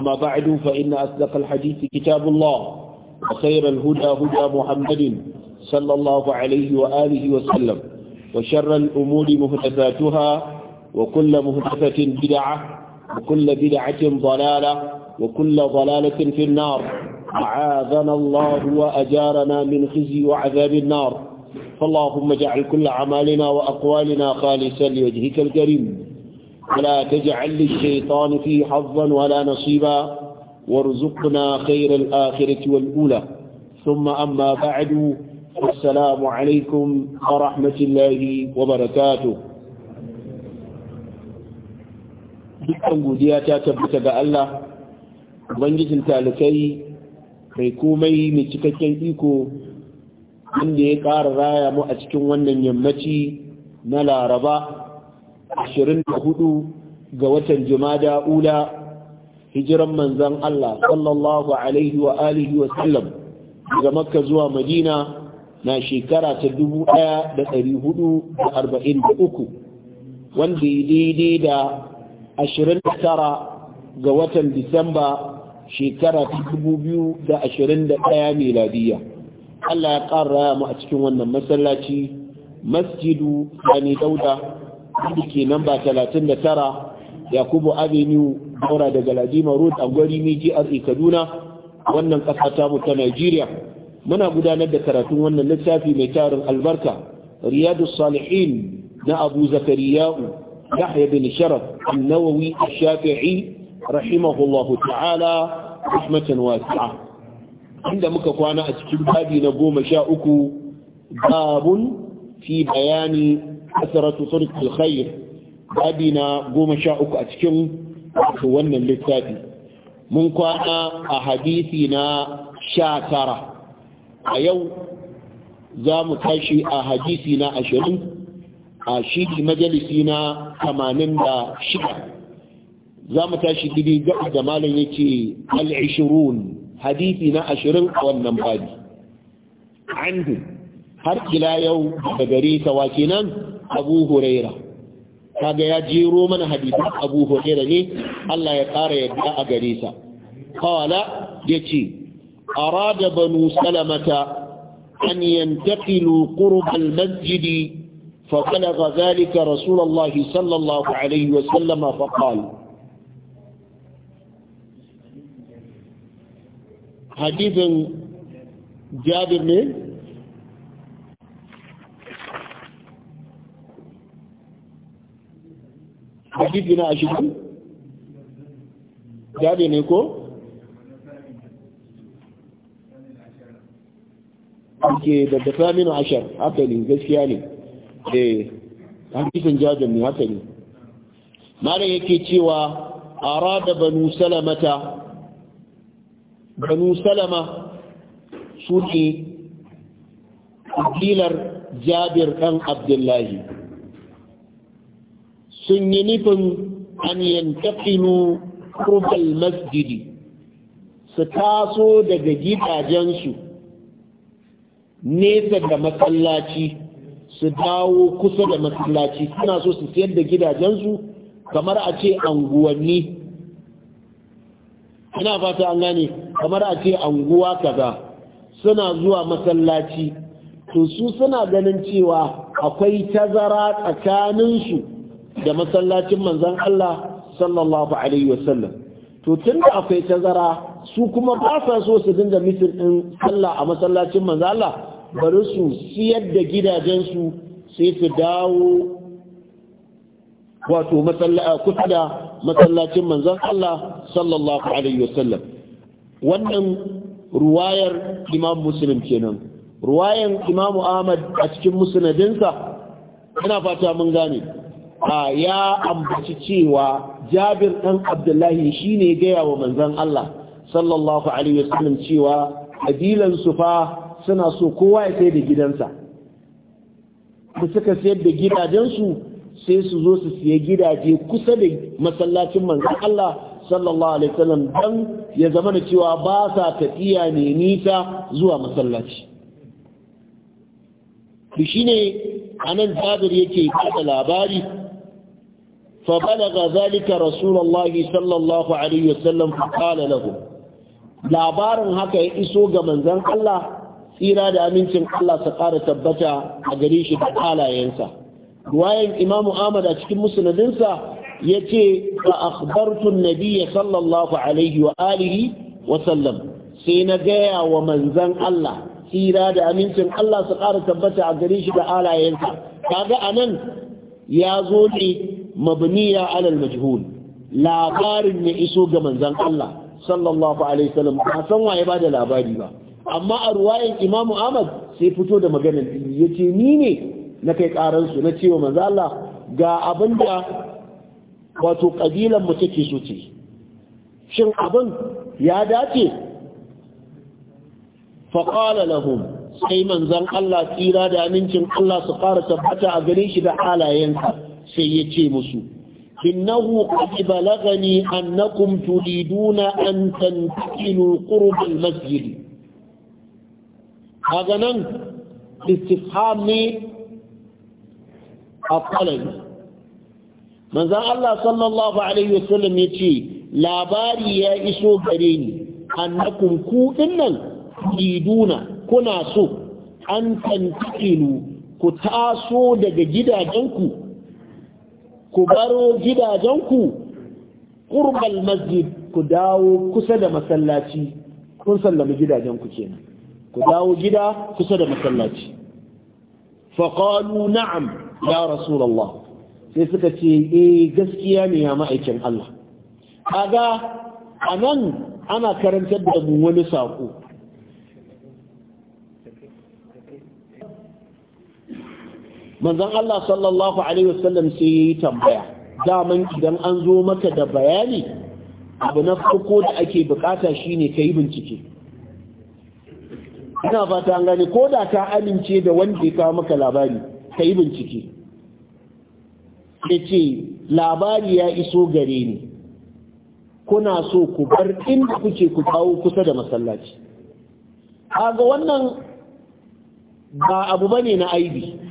أما بعد فإن أصدق الحديث كتاب الله وخير الهدى هدى محمد صلى الله عليه وآله وسلم وشر الأمور مهدفاتها وكل مهدفة بدعة وكل بدعة ضلالة وكل ضلالة في النار عاذنا الله وأجارنا من خزي وعذاب النار فاللهم اجعل كل عمالنا وأقوالنا خالصا لوجهك الكريم ولا تجعل للشيطان فيه حظا ولا نصيبا وارزقنا خير الآخرة والأولى ثم أما بعد السلام عليكم ورحمة الله وبركاته dukkan godiya ta tabbata ga Allah ubangijin talikai kai komai mai cikakken iko wanda ya ƙara raya mu a cikin wannan yammaci na laraba 24 ga watan Jumada Ula hijiran manzan Allah sallallahu alaihi wa alihi wa sallam daga Makka zuwa Madina na shekara ta 1443 wanda daidai da 29 ga watan Disamba shekara ta 2021 miladiya Allah ya ƙara mu a cikin wannan masallaci masjidu Sani Dauda wanda ke nan ba 39 yakubu avenue daura daga ladima road a gwari miji kaduna wannan ƙasa ta mu ta nigeria muna gudanar da karatun wannan littafi mai tarin albarka riyadu salihin na abu zakariya'u yahya bin sharaf annawawi shafi'i rahimahullahu ta'ala rahmatan wasi'a inda muka kwana a cikin babi na goma sha uku babun fi bayani kasaratu sulhul khair babi na goma sha uku a cikin wannan littafi mun kwana a hadisi na sha tara a yau za mu tashi a hadisi na ashirin a shi majalisi na tamanin da shida za mu tashi gidi ga malam yake ce hadisi na ashirin a wannan babi har ila yau da gare ta wa nan abu huraira kaga ya jero mana hadisin abu huraira ne Allah ya ƙara yadda a gare sa qala yace arada banu salamata an yantakilu qurb al-masjid fa balagha dhalika rasulullah sallallahu alayhi wa sallam حديث جابر من hadisi na ashirin jabe ne ko ke da dafa minu ashar haka ne gaskiya ne eh hadisin jabe ne haka ne malam yake cewa arada banu salamata banu salama su ne jabir ɗan abdullahi sun yi nufin an yantakilu kurbal masjidi su taso daga gidajensu nesa da masallaci su dawo kusa da masallaci suna so su siyar da gidajensu kamar a ce anguwanni ina fata an gane kamar a ce anguwa kaza suna zuwa masallaci to su suna ganin cewa akwai tazara tsakaninsu da masallacin manzon Allah sallallahu alaihi wasallam to tunda akwai tazara su kuma ba sa so su dinga misir din sallah a masallacin manzon Allah bari su siyar da gidajensu sai su dawo wato kusa da masallacin manzon Allah sallallahu alaihi wasallam wannan ruwayar imam muslim kenan ruwayan imam ahmad a cikin musnadinsa ina fata mun gane ya ambaci cewa jabir ɗan abdullahi shine ne gaya wa manzan Allah sallallahu alaihi wasallam cewa ƙabilansu fa suna so kowa ya sai da gidansa da suka sayar da gidajensu sai su zo su siya gidaje kusa da masallacin manzan Allah sallallahu alaihi wasallam dan ya zama da cewa ba sa tafiya ne nisa zuwa masallaci shi ne anan jabir yake kada labari فبلغ ذلك رسول الله صلى الله عليه وسلم فقال له labarin haka ya iso ga manzon Allah tsira da amincin Allah su ƙara tabbata a gare shi da halayensa ruwayan imamu Ahmad a cikin musnadinsa ya ce fa akhbartu nabiyya sallallahu alaihi wa alihi wa sallam sai na gaya wa manzon Allah tsira da amincin Allah su ƙara tabbata a gare shi da halayensa kaga anan ya zo ne mabniya alal majhul labarin ya iso ga manzan Allah sallallahu alaihi wasallam ba san waye ba da labari ba amma a ruwayan Imam Ahmad sai fito da maganar yace ni ne na kai karan su na cewa manzan Allah ga abinda wato kabilan mu take so ce shin abin ya dace fa qala lahum sai manzan Allah tsira da amincin Allah su fara tabbata a gare shi da halayensa sai ya ce musu innahu qad balagani annakum tuliduna an tantakilu qurb almasjid haga nan istifhami ne a manzan Allah sallallahu alaihi wasallam ya ce labari ya iso gare ni annakum ku dinnan tuliduna kuna so an tantakilu ku taso daga gidajenku ku baro gidajenku qurbal masjid ku dawo kusa da masallaci kun sallami gidajenku kenan ku dawo gida kusa da masallaci fa na'am ya rasulallah sai suka ce eh gaskiya ne ya ma'aikin Allah kaga anan ana karantar da mu wani saƙo. manzon Allah sallallahu alaihi wasallam sai yi tambaya daman idan an zo maka da bayani abu na farko da ake bukata shine yi bincike ina fata gani ko da ta amince da wanda ya kawo maka labari yi bincike Ya ce labari ya iso gare ni kuna so ku bar inda kuke ku kawo kusa da masallaci ga wannan ba abu bane na aibi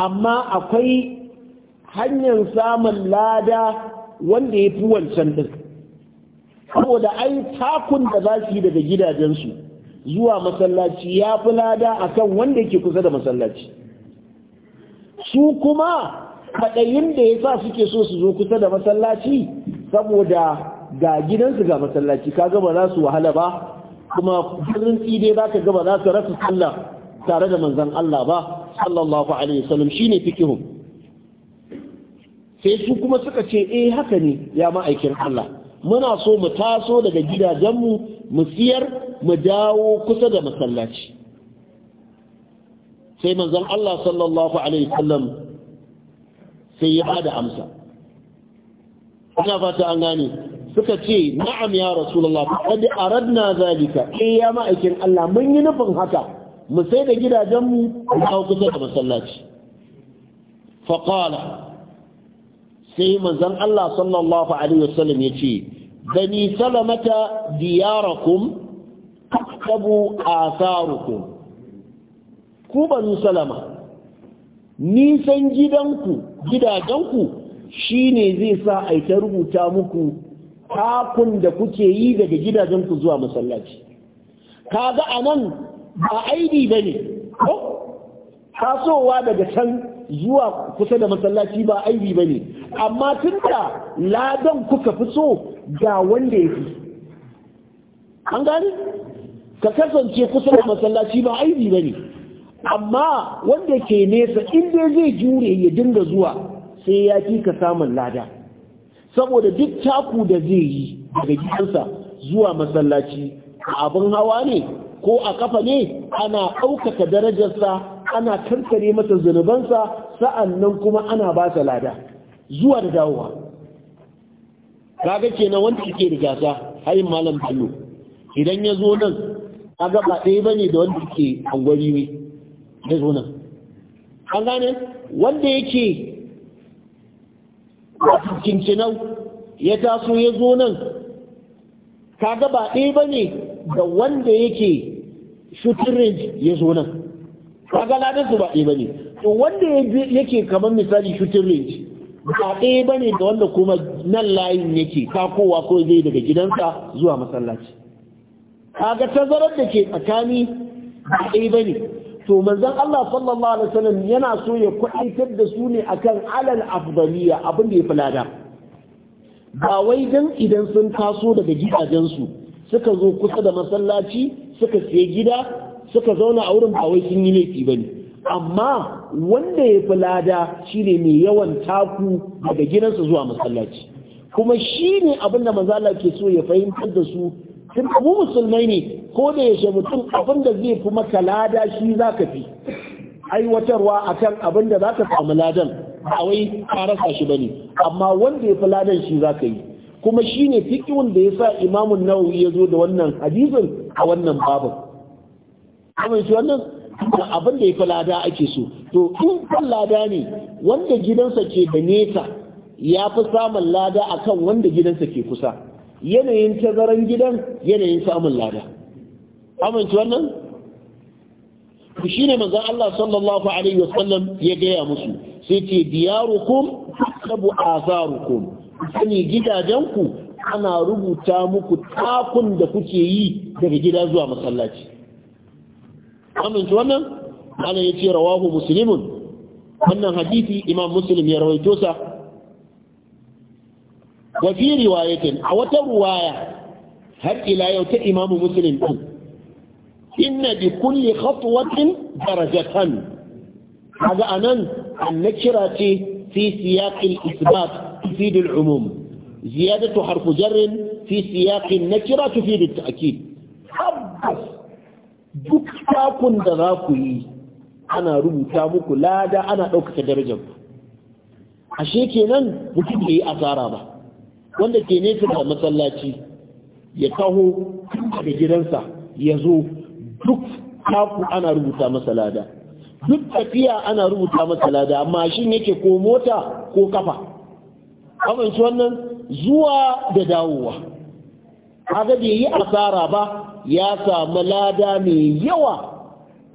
amma akwai hanyar samun lada wanda ya fi wancan ɗin saboda ai takun da za su yi daga gidajensu zuwa masallaci ya fi lada a kan wanda yake kusa da masallaci su kuma kaɗayin da ya sa suke so su zo kusa da masallaci saboda ga gidansu ga masallaci ka gaba za su wahala ba kuma birnin tside za ka gaba za su rasa sallah tare da manzan Allah ba sallallahu alaihi wasallam shine fikihun sai su kuma suka ce eh haka ne ya ma'aikin Allah muna so mu taso daga gidajenmu mu siyar mu dawo kusa da masallaci sai manzon Allah sallallahu alaihi wasallam sai ya bada amsa ina fata an gane suka ce na'am ya rasulullah qad aradna zalika eh ya ma'aikin Allah mun yi nufin haka mu sai da gidajenmu mu hau kusa da masallaci faƙala sai manzon Allah sallallahu alaihi wasallam ya ce bani salamata diyarakum taktabu asarukum ku banu salama nisan gidanku gidajenku ne zai sa a ta rubuta muku takun da kuke yi daga gidajenku zuwa masallaci Ka ga a nan ba aibi ba ne ko tasowa daga can zuwa kusa da masallaci ba aibi ba ne amma tun da ladan kuka fi so ga wanda ya fi an gani ka kasance kusa da masallaci ba aibi ba ne amma wanda ke nesa inda zai jure ya dinga zuwa sai ya fi ka samun lada saboda duk taku da zai yi daga gidansa zuwa masallaci abin hawa ne ko a kafa ne ana ɗaukaka darajarsa ana kankare masa zunubansa sa'annan kuma ana ba sa lada zuwa da dawowa kaga kenan wanda suke da gasa hain malam biyu idan ya zo nan a gaba ɗaya bane da wanda yake angwari ne ya zo nan an gane wanda yake wato ya taso ya zo nan ka ba ɗaya bane da wanda yake shooting range ya zo nan ba ga su ba ɗaya ba ne. to wanda yake kamar misali shooting range ba ɗaya bane da wanda kuma nan layin yake takowa ko zai daga gidansa zuwa masallaci kaga tazarar da ke tsakani ba ɗaya bane to manzon Allah sallallahu alaihi wasallam yana so ya kwaitar da su ne akan alal afdaliya abin da ya fi lada ba wai dan idan sun taso daga gidajensu suka zo kusa da masallaci suka siya gida suka zauna a wurin bawai sun yi laifi ba ne amma wanda ya fi lada shine mai yawan taku daga gidansa zuwa masallaci kuma shi ne abin da ke so ya fahimtar da su tun abu musulmai ne ko da ya yaushe mutum abin da zai fi maka lada shi za ka fi aiwatarwa akan abin da za ka samu ladan ba wai ka rasa shi ba ne. amma wanda ya fi ladan shi za ka yi kuma shine fiqhun da yasa Imam an-Nawawi ya zo da wannan hadisin a wannan babin kamar shi wannan abin da ya falada ake so to in falada ne wanda gidansa ke da nesa ya fi samun lada akan wanda gidansa ke kusa yanayin tazaran gidan yanayin samun lada amince wannan ku shine manzon Allah sallallahu alaihi wasallam ya gaya musu sai ce diyarukum tabu azarukum sani gidajenku ana rubuta muku takun da kuke yi daga gida zuwa masallaci amince wannan ana ya ce rawahu musulmin wannan hadisi imam muslim ya rawaito sa wa fi riwayatin a wata ruwaya har ila yau ta imam muslim din inna bi kulli khatwatin darajatan Haga anan annakira ce fi siyaqil isbat تفيد العموم زيادة حرف جر في سياق النكرة تفيد التأكيد حبس دكتاكن ana rubuta ربطامك لا دا أنا أوكت درجة ashe kenan mutum bai yi asara ba wanda ke nesa da masallaci ya taho da gidansa ya zo duk taku ana rubuta masa lada duk tafiya ana rubuta masa lada mashin yake ko mota ko kafa amince wannan zuwa da dawowa kaga bai yi asara ba ya samu lada mai yawa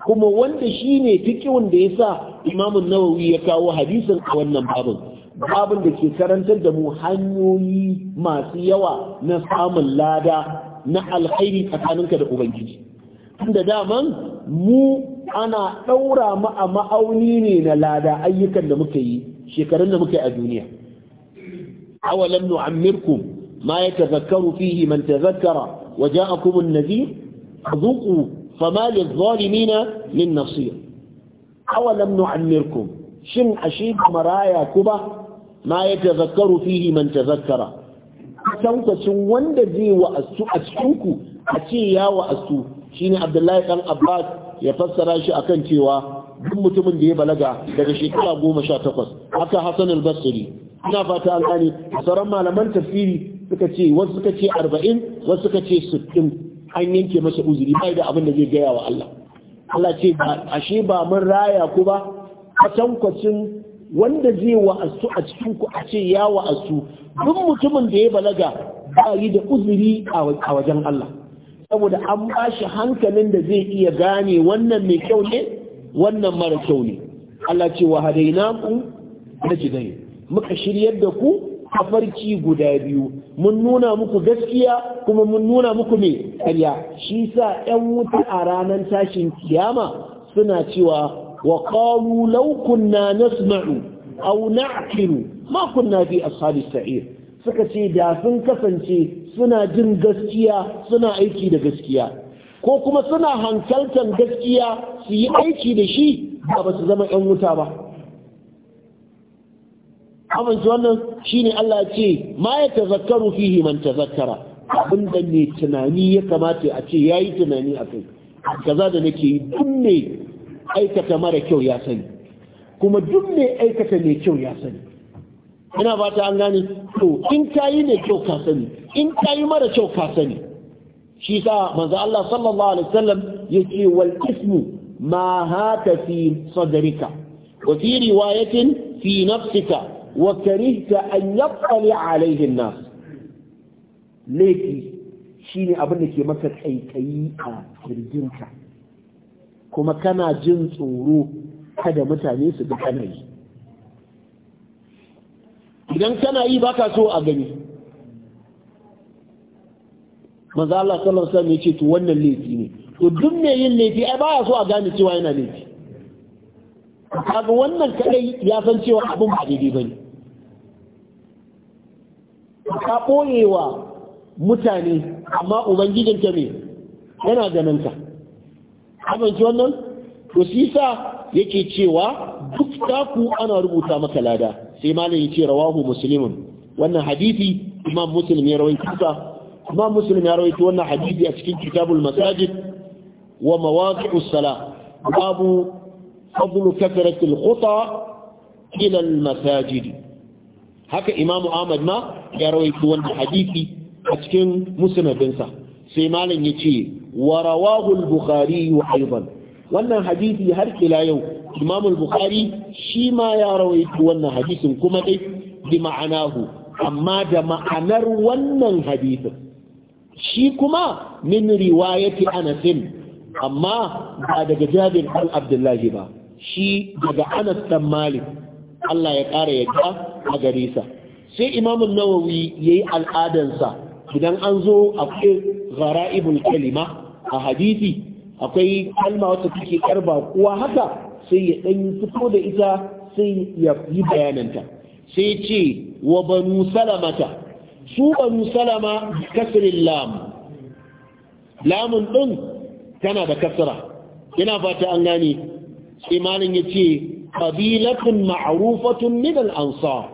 kuma wanda shi ne fikiwun da ya sa imamun nawawi ya kawo hadisin a wannan babin babin da ke karantar da mu hanyoyi masu yawa na samun lada na alkhairi tsakaninka da ubangiji da daman mu ana ɗaura mu a ma'auni ne na lada ayyukan da muka yi shekarun da muka yi a duniya awalam nu'ammirkum ma yatazakkaru fihi man tazakkara wa ja'akum an-nadhir dhuqu fama lidh-dhalimina min nasir awalam nu'ammirkum shin ashe maraya kuba ma yatazakkaru fihi man tazakkara tankwacin wanda zai wa'astu a cikinku a ce ya wa'astu shine Abdullahi dan Abbas ya fassara shi akan cewa duk mutumin da ya balaga daga shekara goma sha takwas haka hassan al ina fata an sauran malaman tafsiri suka ce wasu suka ce arba'in wasu suka ce sittin an yanke masa uzuri bai da abin da zai gaya wa Allah Allah ce ba ashe ba mun raya ku ba kwatankwacin wanda zai wa'azu a cikin ku a ce ya wa'azu duk mutumin da ya balaga ba yi da uzuri a wajen Allah saboda an ba shi hankalin da zai iya gane wannan mai kyau ne wannan mara kyau ne Allah ce wa na jidai muka shiryar da ku farki guda biyu mun nuna muku gaskiya kuma mun nuna muku me karya shi sa 'yan wuta a ranar tashin kiyama suna cewa wa qalu law kunna nasma'u aw na'qilu ma kunna fi ashabis sa'ir suka ce da sun kasance suna jin gaskiya suna aiki da gaskiya ko kuma suna hankaltan gaskiya su yi aiki da shi ba ba su zama 'yan wuta ba amince wannan ne Allah ce ma ya tazakkaru fihi man tazakkara abinda ne tunani ya kamata a ce ya yi tunani a kai kaza da nake yi duk ne aikata mara kyau ya sani kuma duk ne aikata mai kyau ya sani ina ba ta an gane to in yi ne kyau ka sani in yi mara kyau ka sani shi sa manzo Allah sallallahu alaihi wasallam yace wal ismu ma haka fi sadrika wa fi riwayatin fi nafsika wa karihta an yattali alaihi an-nas laifi shine abin da ke maka kaikayi a kirjinka kuma kana jin tsoro kada mutane su ga kana yi idan kana yi baka so a gani manzo Allah sallallahu alaihi wasallam ya ce to wannan laifi ne to duk mai yin laifi ai baya so a gane cewa yana laifi kaga wannan kadai ya san cewa abin ba daidai bane ka ɓoyewa mutane amma ka ne yana ganin ka amince wannan to shi sa yake cewa duk taku ana rubuta maka lada sai malam yace rawahu muslimun wannan hadisi imam muslim ya rawaita amma muslim ya rawaito wannan hadisi a cikin kitabul masajid wa mawaqi'us salah babu fadlu kathratil khuta ila al masajid haka imamu ahmad ma ya rawaito wannan hadisi a cikin musnadinsa sai malam yace wa rawahu al bukhari wa wannan hadisi har ila yau imamu al bukhari shi ma ya rawaito wannan hadisin kuma dai bi ma'anahu amma da ma'anar wannan hadisin shi kuma min riwayati anasin amma ba daga jabir ɗan abdullahi ba shi daga anas ɗan malik Allah ya ƙara yadda a gare sa sai imamun nawawi ya yi sa. idan an zo akwai zara'ibul kalima a hadisi akwai kalma wata take karba kuwa haka sai ya ɗan fito da ita sai ya yi bayananta sai ce wa banu salamata su banu salama kasrin lamu. lamun ɗin tana da kasra ina fata an gane imanin ce qabilatun ma'rufatun min al-ansar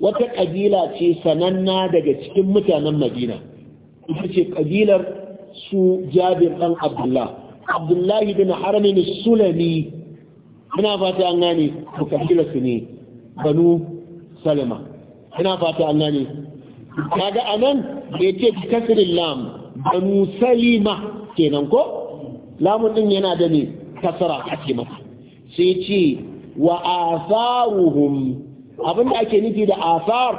wata kabila ce sananna daga cikin mutanen Madina ita ce kabilar su Jabir dan Abdullah Abdullahi bin Haramin Sulami ina fata an gane kabilar su ne banu salama ina fata an gane kaga anan bai ce kasrin lam banu salima kenan ko lamun din yana da ne a ake masa sai ce wa asaruhum abinda ake nufi da asar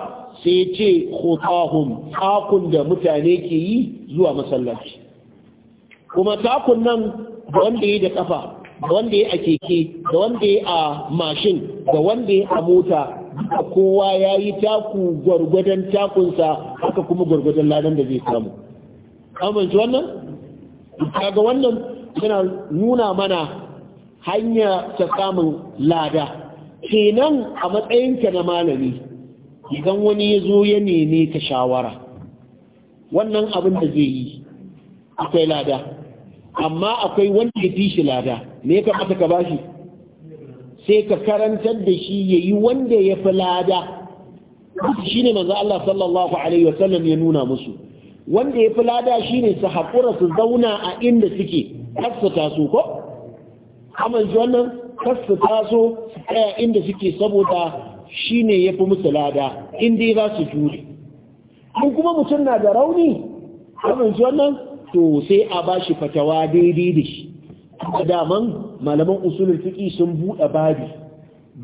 sai ce khutahum takun da mutane ke yi zuwa masallaci kuma takun nan da wanda yi da kafa da wanda ya a keke da wanda ya a mashin da wanda ya a mota haka kowa ya yi taku gwargwadon takunsa haka kuma gwargwadon ladan da zai samu amince wannan kaga wannan yana nuna mana hanya ta samun lada kenan a matsayinka na malami idan wani ya zo ya nene ta shawara wannan abin da zai yi akwai lada amma akwai wanda ya fi shi lada me ya kamata ka bashi shi sai ka karantar da shi ya yi wanda ya fi lada shi ne manzo Allah sallallahu alaihi wasallam ya nuna musu wanda ya fi lada shi ne su haƙura su zauna a inda suke kasfata su ko? amince wannan kasfata su su inda suke saboda shi ne ya fi musu lada inda za su jure in kuma mutum na da rauni amince wannan to sai a ba shi fatawa daidai da shi daman malaman usulul fiqi sun buɗe babi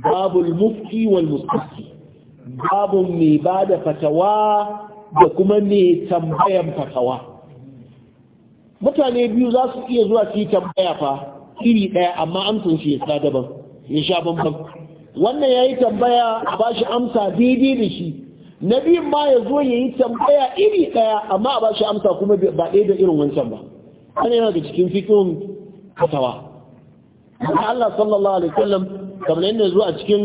babul mufti wal babu mai bada fatawa da kuma mai tambayan fatawa mutane biyu za su iya zuwa su yi tambaya fa iri ɗaya amma amsan shi ya daban ya sha bambam wannan ya yi tambaya a ba shi amsa daidai da shi na biyun ma ya zo ya yi tambaya iri ɗaya amma a ba shi amsa kuma ba ɗaya da irin wancan ba ana yana da cikin fikin kasawa Allah sallallahu alaihi wasallam kamar yadda zuwa cikin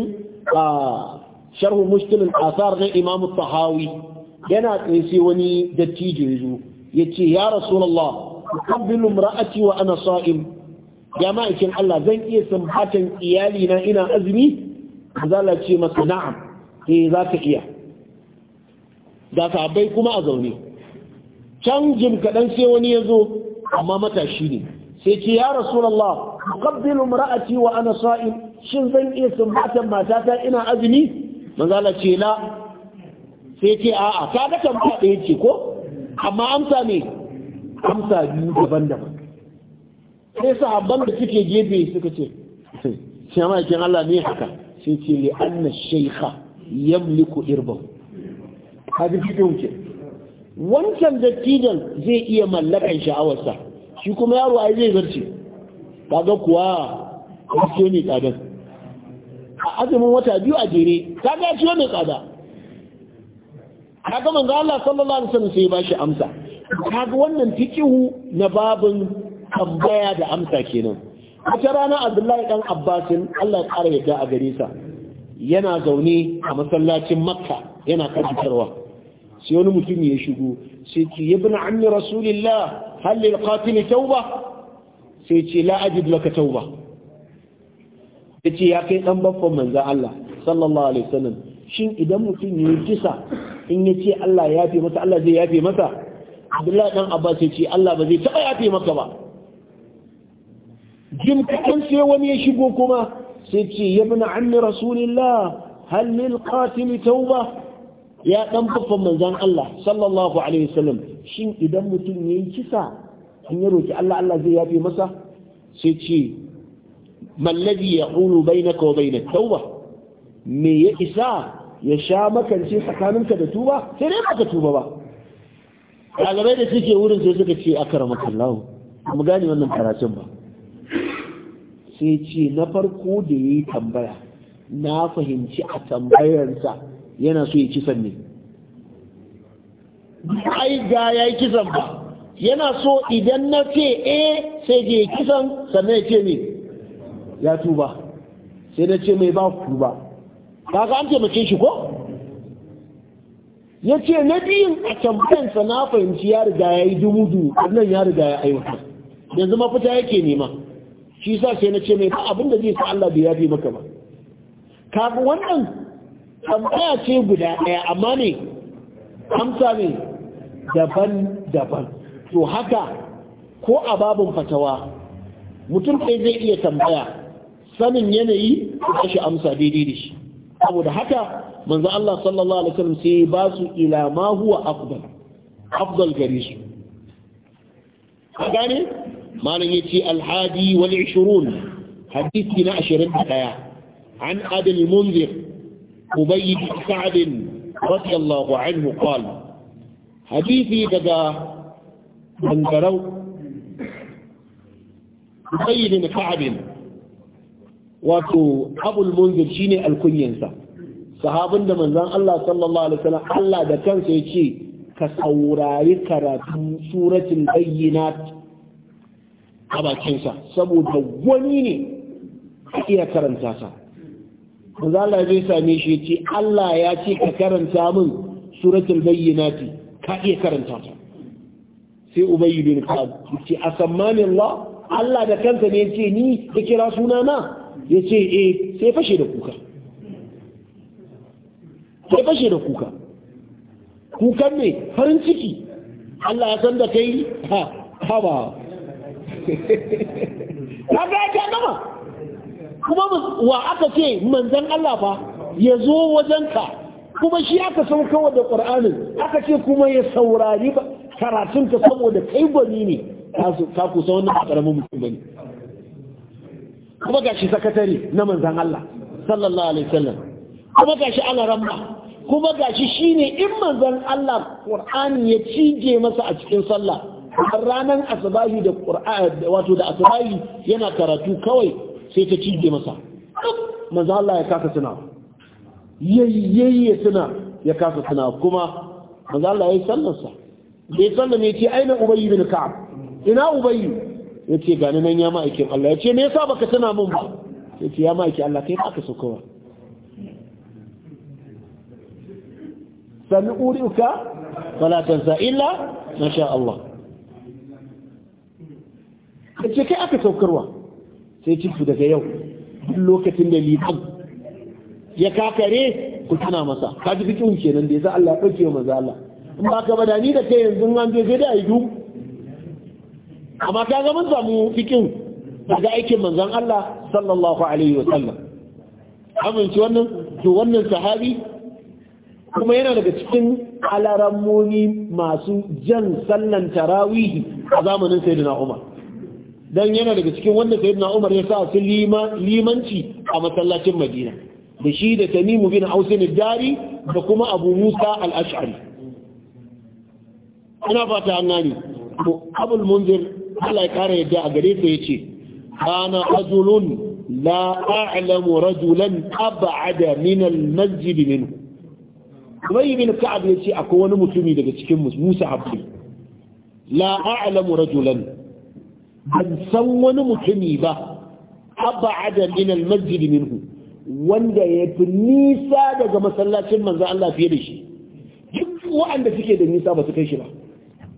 sharhu mushkilin asar na Imam Tahawi yana tsaye wani dattijo yazo yace ya rasulullah qabbilu imra'ati wa ana sa'im ya ma'aikin Allah zan iya sambatan iyali na ina azumi zala ce masa na'am eh zaka iya da sahabbai kuma a zaune can jim kaɗan sai wani ya zo amma matashi ne sai ce ya rasulullah qabbilu imra'ati wa ana sa'im shin zan iya sumbatan matata ina azumi manzo Allah ce la sai ce a'a kaga tambaya ɗaya ce ko amma amsa ne amsa biyu daban-daban sai sahabban da suke gefe suka ce sai ma yakin Allah ne haka sai ce li anna shaykha yamliku irbahu hadisi ɗin ke wancan dattijan zai iya mallakan sha'awarsa shi kuma yaro ai zai zarce kaga kuwa gaskiya mai tsadan a azumin wata biyu a jere kaga shi ne tsada kaga manzo Allah sallallahu alaihi wasallam sai ya bashi amsa kaga wannan tikihu na babin tambaya da amsa kenan wata rana Abdullahi dan Abbasin Allah ya kara yadda a gare sa yana zaune a masallacin Makka yana karantarwa sai wani mutum ya shigo sai ki ibn ammi rasulillah hal lil qatil tauba sai ce la ajid laka tauba yace ya kai dan babban manzon Allah sallallahu alaihi wasallam shin idan mutum yayi kisa in yace Allah ya yafe masa Allah zai yafe masa Abdullahi dan Abbas yace Allah ba zai taba yafe maka ba jin kan sai wani ya shigo kuma sai ce yabna ammi rasulillah hal lil qatil tauba ya dan babban manzon Allah sallallahu alaihi shin idan mutum ya yi kisa an yi roki Allah Allah zai yafe masa sai ce mallabi ya na bainaka bai na tauba me ya isa ya sha makance tsakaninka da tuba sai dai baka tuba ba ɗalibai da suke wurin sai suka ce akara makallahu mu gane wannan karatun ba sai ce na farko da ya yi tambaya na fahimci a tambayarsa yana so ya ci ne. ai ga ya yi kisan ba yana so idan na ce e sai je kisan sannan ya ce ne ya tuba sai na ce mai ba ku ba ka an taimake shi ko ya ce na biyun a tambayansa na fahimci ya riga ya yi dumudu nan ya riga ya aiwata yanzu mafita yake nema shi sa sai na ce mai ba abinda zai sa Allah bai yafi maka ba kafin wannan tambaya ce guda ɗaya amma ne amsa ne daban-daban to haka ko a babin fatawa mutum ɗaya zai iya tambaya sanin yanayi a shi amsa daidai da shi saboda haka manzo Allah sallallahu alaihi wasallam sai ba su ila ma huwa afdal afdal gare su ka gane malam yace alhadi wal 20 hadisi na 21 an adil munzir ubay bin sa'd radiyallahu anhu qala hadisi daga bangarau bayyidin ka'abin wato abul munzir shine alkunyansa sahabin da manzon Allah sallallahu alaihi wasallam Allah da kansa yace ka saurari karatun suratul bayyinat a bakinsa saboda wani ne a iya karanta sa manzon Allah ya same shi yace Allah ya ce ka karanta min suratul bayyinati ka iya karanta ta sai ubayy bin ka'ab yace asammani Allah Allah da kansa ne yace ni ka kira sunana yace eh sai fashe da kuka sai fashe da kuka kukan ne farin ciki Allah ya san da kai ha ha ba ka ga ka gama kuma wa aka ce manzon Allah fa ya zo wajenka kuma shi aka san kawai da ƙur'anin aka ce kuma ya saurari karatun ka saboda kai gwani ne ka kusa wannan a ƙaramin mutum bane kuma gashi sakatare na manzan Allah sallallahu alaihi wasallam kuma gashi ana ramma kuma gashi shine in manzan Allah ƙur'ani ya cije masa a cikin sallah ranan asbahi da ƙur'ani, wato da asbahi yana karatu kawai sai ta cije masa manzan Allah ya kasa tunawa yayyaye tuna ya kasa tuna kuma manzo Allah yayi sallarsa bai ne ce aina ubayy bin ka'ab ina ubayy yace gani nan ya ma'aikin Allah yace me yasa baka tuna mun ba yace ya ma'aikin Allah kai baka so kowa sanuri'uka wala tansa illa sha Allah yace kai aka saukarwa sai ci daga yau duk lokacin da liban ya kakare ku tana masa ka ji fikin kenan da yasa Allah ya dauke wa manzo Allah in ba ka bada ni da kai yanzu an zo sai da ayyu amma ka ga mun samu fikin daga aikin manzon Allah sallallahu alaihi wa sallam amince wannan to wannan sahabi kuma yana daga cikin alarammomi masu jan sallan tarawihi a zamanin sayyidina Umar dan yana daga cikin wanda sayyidina Umar ya sa su limanci a masallacin Madina da shi da tamimu bin hausin dari da kuma abu musa al'ashari Ina fata an gani abul munzir Allah ya kara yadda a gare sa yace ana rajulun la a'lamu rajulan ab'ada min al-masjid min Ubay bin Ka'ab yace akwai wani mutumi daga cikin Musa Abdi la a'lamu rajulan ban san wani mutumi ba ab'ada min al-masjid minhu wanda ya fi nisa daga masallacin manzo Allah fiye da shi duk waɗanda suke da nisa ba su kai shi ba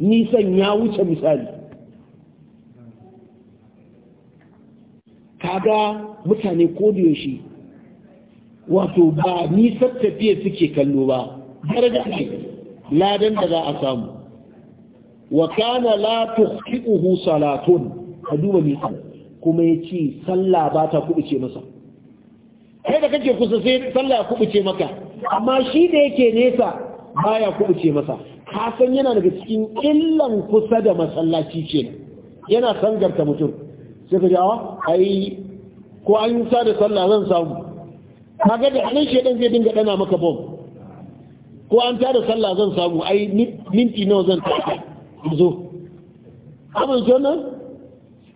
nisan ya wuce misali kaga mutane ko da yaushe wato ba nisan tafiya suke kallo ba daraja ne ladan da za a samu wa kana la tuhqiquhu salatun a duba nisan kuma ya ce sallah ba ta ce masa kai da kake kusa sai sallah ya kubuce maka amma shi da yake nesa baya kubuce masa ka san yana daga cikin illan kusa da masallaci ce yana sangarta mutum sai ka ji awa ai ko an yi da sallah zan samu kaga da anan dan zai dinga dana maka bom ko an da sallah zan samu ai minti nawa zan ta zo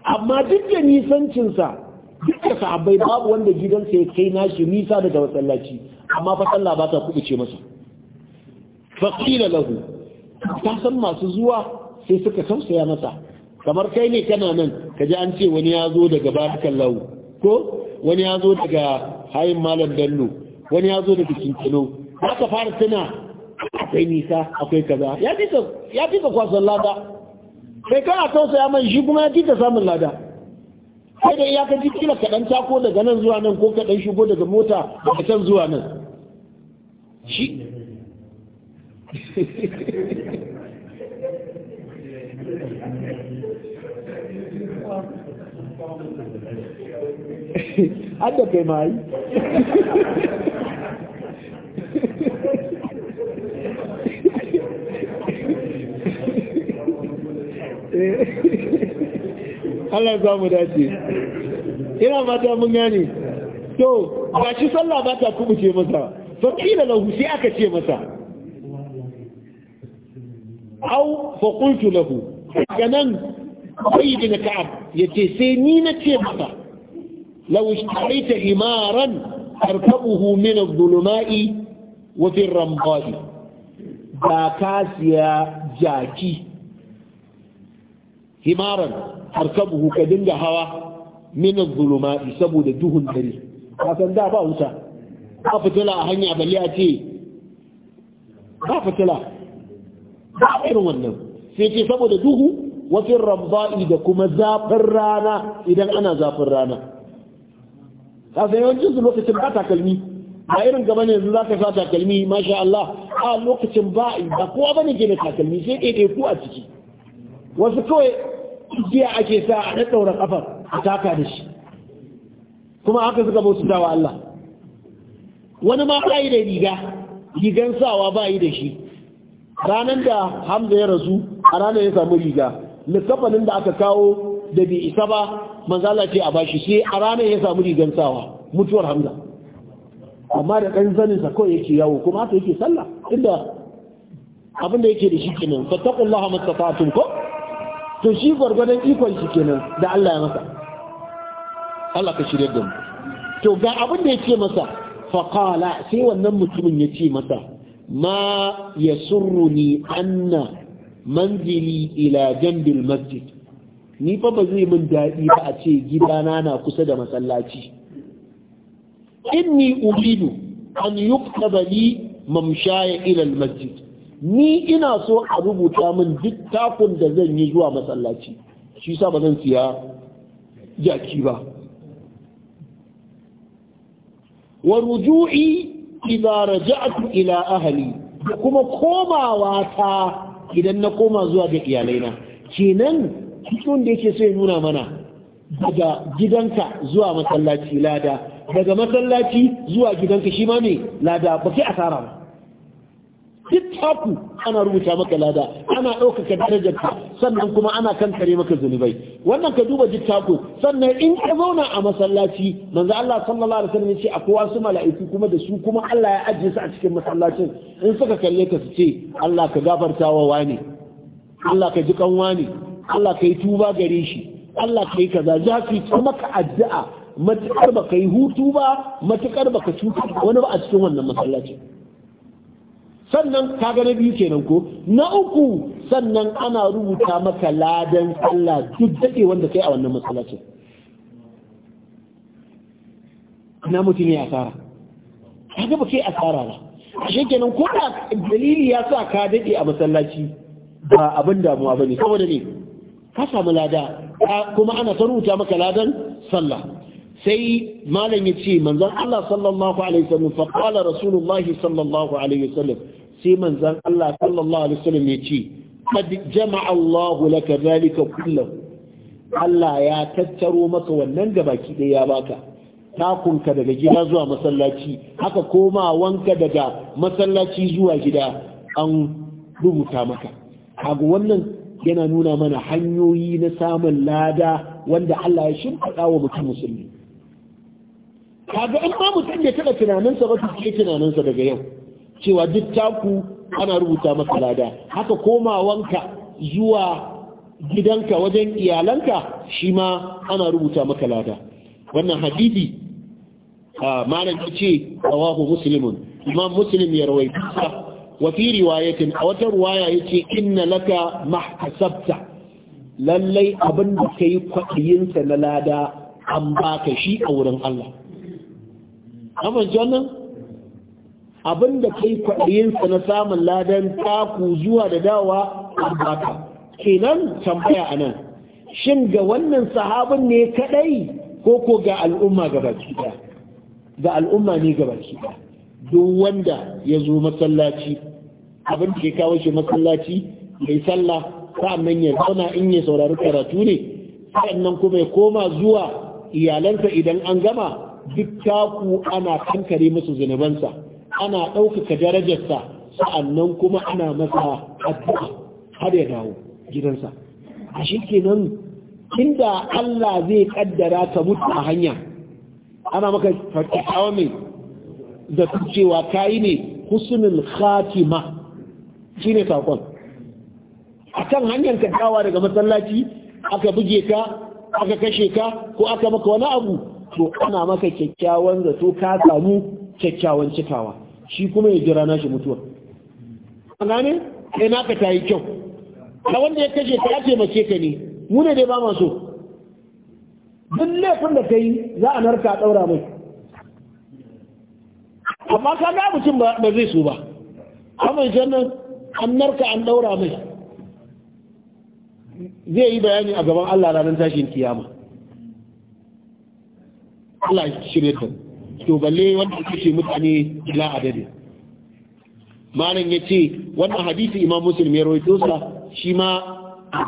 amma duk da nisancinsa duk sahabbai babu wanda gidansa ya kai nashi nisa daga masallaci amma fa sallah ba ta kubuce masa fa qila lahu ta san masu zuwa sai suka tausaya masa kamar kai ne kana nan ka ji an ce wani ya zo daga barkan lahu ko wani ya zo daga hayin malam bello wani ya zo daga kinkino za ka fara tuna akwai nisa akwai kaza ya fi ka kwasan lada sai ka a tausaya man shi kuma ya fi ka samun lada sai da ya ka ji kila kaɗan tako daga nan zuwa nan ko kaɗan shigo daga mota daga can zuwa nan shi da kai mai Eh. Allah za mu dace ina mata mun gane to ga shi sallah ba ta kubuce masa fa kila lahu sai aka ce masa au fa qultu lahu kanan Ubay bin Ka'ab yace sai ni na ce masa law ishtarita himaran arkabuhu min adh-dhulumai wa fi ar-ramdai ba ka siya jaki himaran harkabuhu ka dinga hawa min zulumati saboda duhun dare kasan da ba wuta ba fitila a hanya balle a ce ba fitila ba irin wannan sai ce saboda duhu wafin ramba'i da kuma zafin rana idan ana zafin rana kasan yawancin su lokacin ba takalmi a irin gaba ne yanzu za ka sa takalmi masha Allah a lokacin ba ba kowa bane ke da takalmi sai ɗaiɗaiku a ciki wasu kawai giya ake sa a ɗaura ƙafar a taka da shi kuma haka suka baututa wa Allah wani ma ba yi da riga rigan sawa ba yi da shi ranar da hamza ya rasu a ranar ya samu riga littafanin da aka kawo da bai isa ba manzala ce a bashi sai a ranar ya samu rigan sawa mutuwar hamza amma da ɗan zanin sa kawai yake yawo kuma haka yake sallah inda abinda yake da shi kenan fattakullaha mastafatun ko to shi gwargwadon ikon shi kenan da Allah ya masa Allah ka shirya da mu to ga abin da ya ce masa qala sai wannan mutumin ya ce masa ma ya surruni anna manzili ila jambil masjid ni fa ba zai min daɗi ba a ce gidana na kusa da masallaci inni uridu an yuktaba li mamshaya ila masjid ni ina so a rubuta min duk takun da zan yi zuwa masallaci shi sa ba zan siya jaki ba wa ruju'i idza raja'tu ila ahli da kuma komawa ta idan na koma zuwa ga iyalaina kenan cikin da yake so ya nuna mana daga gidanka zuwa masallaci lada daga masallaci zuwa gidanka shi ma ne lada ba kai asara ba duk haku ana rubuta maka lada ana ɗaukaka ka sannan kuma ana kankare maka zunubai wannan ka duba duk haku sannan in ka zauna a masallaci manzo Allah sallallahu alaihi wasallam ya ce akwai wasu mala'iku kuma da su kuma Allah ya ajiye su a cikin masallacin in suka kalle ka su ce Allah ka gafarta wa wani Allah ka ji kan wani Allah ka yi tuba gare shi Allah ka yi kaza za su yi maka addu'a matukar baka yi hutu ba matukar baka cutar wani ba a cikin wannan masallacin sannan ka gane biyu kenan ko na uku sannan ana rubuta maka ladan sallah duk dake wanda kai a wannan masallacin na mutum ya asara kaga ba kai asara ba A shekenan ko da dalili ya sa ka dade a masallaci ba abin damuwa ba ne saboda ne ka samu lada kuma ana ta rubuta maka ladan sallah sai malam ya ce manzon Allah sallallahu alaihi wasallam fa qala rasulullahi sallallahu alaihi wasallam sai manzan Allah sallallahu alaihi wasallam ya ce qad jama'a Allah laka zalika kullahu Allah ya tattaro maka wannan gabaki ɗaya ya baka takunka daga gida zuwa masallaci haka wanka daga masallaci zuwa gida an rubuta maka kaga wannan yana nuna mana hanyoyi na samun lada wanda Allah ya shimfiɗa wa mutum musulmi kaga in ba mutum ya taɓa tunaninsa ba su ke tunaninsa daga yau cewa duk taku ana rubuta maka lada haka komawanka zuwa gidanka wajen iyalanka shi ma ana rubuta maka lada wannan hadidi a malam ce rawahu muslimun imam muslim ya rawaita wa fi riwayatin a wata riwaya yace inna laka mahkasabta lallai abin da kai kwaɗiyinsa na lada an baka shi a wurin Allah. amma wannan? abin da kai kwaɗayinsa na samun ladan taku zuwa da dawa a baka kenan tambaya a nan shin ga wannan sahabin ne kaɗai ko ko ga al'umma gabaki ɗaya ga al'umma ne gabaki ɗaya duk wanda ya zo masallaci abin da ke kawo shi masallaci mai sallah sa'annan ya zauna in ya saurari karatu ne sa'annan kuma ya koma zuwa iyalansa idan an gama duk taku ana kankare musu zunubansa ana ɗaukaka darajarsa sa'annan kuma ana masa addu'a har ya dawo gidansa a shi kenan inda Allah zai ƙaddara ka mutu a hanya ana maka fatawa mai da cewa kayi ne husunin khatima saƙon. A akan hanyar ka daga masallaci aka buge ka aka kashe ka ko aka maka wani abu to ana maka kyakkyawan zato ka samu kyakkyawan cikawa shi kuma ya jira nashi mutuwa an gane kai naka ta yi kyau a wanda ya kashe ta taimake ka ne mu ne dai ba ma so duk laifin da ka yi za a narka a ɗaura mai amma ka ga mutum ba zai so ba amma nan an narka an ɗaura mai zai yi bayani a gaban Allah ranar tashin kiyama Allah shirya ta to balle wanda ce mutane ila adadi malam yace wannan hadisi imam muslim ya rawaito sa shi ma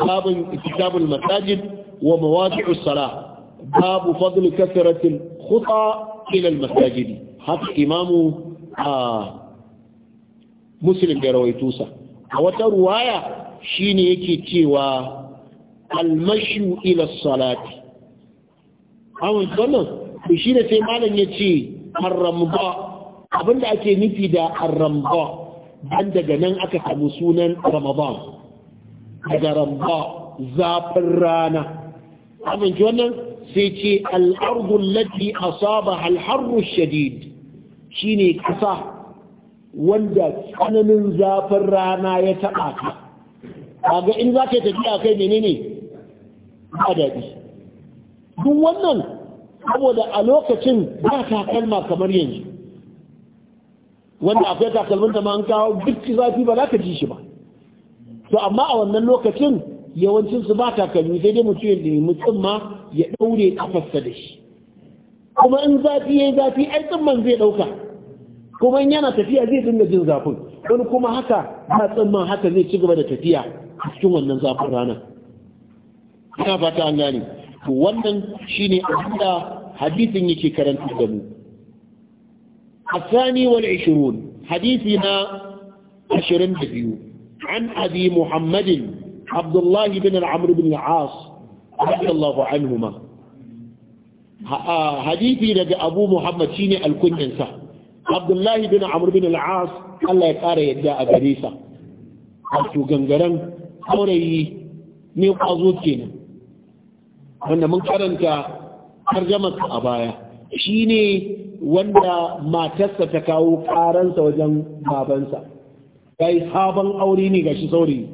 babun kitabul masajid wa mawadi'us salah babu fadl kasratil khuta ila al masajid haka imam muslim ya rawaito sa a wata ruwaya shine yake cewa al mashu ila salati awon sallah to shi da sai malam ya ce arramba abinda ake nufi da arramba dan daga nan aka samu sunan ramadan daga ramba zafin rana amince wannan sai ce al'argun lati asaba alharru shadid shine kasa wanda tsananin zafin rana ya taɓa ka ga in za ka tafiya kai menene ba daɗi duk wannan saboda a lokacin ba kalma kamar yanzu wanda akwai takalmin ta ma an kawo duk zafi ba za ka ji shi ba to amma a wannan lokacin yawancin su ba takalmi sai dai mutum ya nemi ma ya daure kafarsa da shi kuma in zafi yayi zafi ai tsimman zai ɗauka. kuma in yana tafiya zai dinga jin zafin wani kuma haka ba tsimman haka zai ci gaba da tafiya a cikin wannan zafin rana ina fata an gane to wannan shine abinda hadisin yake karanta da mu الثاني والعشرون حديثنا عشرين بذيو عن أبي محمد عبد الله بن العمر بن العاص رضي الله عنهما hadisi daga abu muhammad shine alkunyinsa abdullahi bin amr bin al-as Allah ya kara yadda a gare sa wato gangaren wanda mun karanta tarjamarsa a baya shi ne wanda matarsa ta kawo karansa wajen babansa ya yi sabon aure ne ga shi saurayi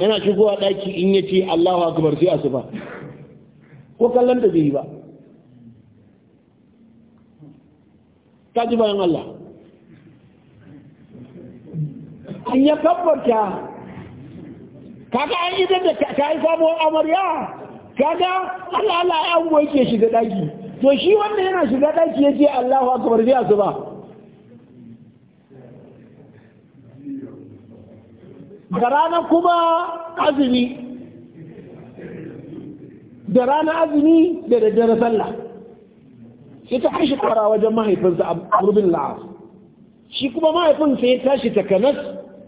yana shigowa ɗaki in ya ce allahu akbar sai ba. ko kallon da zai ba ta ji bayan allah in ya kabbarta kaka an yi da ta yi sabon amarya kaga Allah Allah ya abubuwa yake shiga daki to shi wanda yana shiga daki yace Allahu akbar zai asuba da rana kuma azumi da rana azumi da daddare sallah sai ta kashi kwara wajen mahaifinsa a rubin la'as shi kuma mahaifin sai ya tashi takanas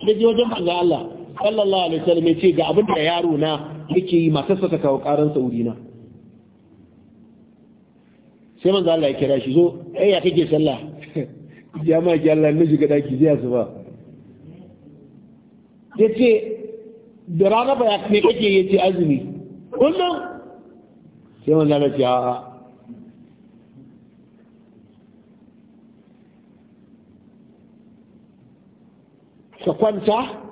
da je wajen Allah sallallahu alaihi wasallam ya ce ga abin da yaro na yake yi matarsa sassa kawo karan sauri na sai manzo Allah ya kira shi zo eh ya kike sallah jama'a ki Allah na shiga daki zai su ba yace da rana ba ya ne kake yace azumi kullum sai manzo Allah ya a'a ka kwanta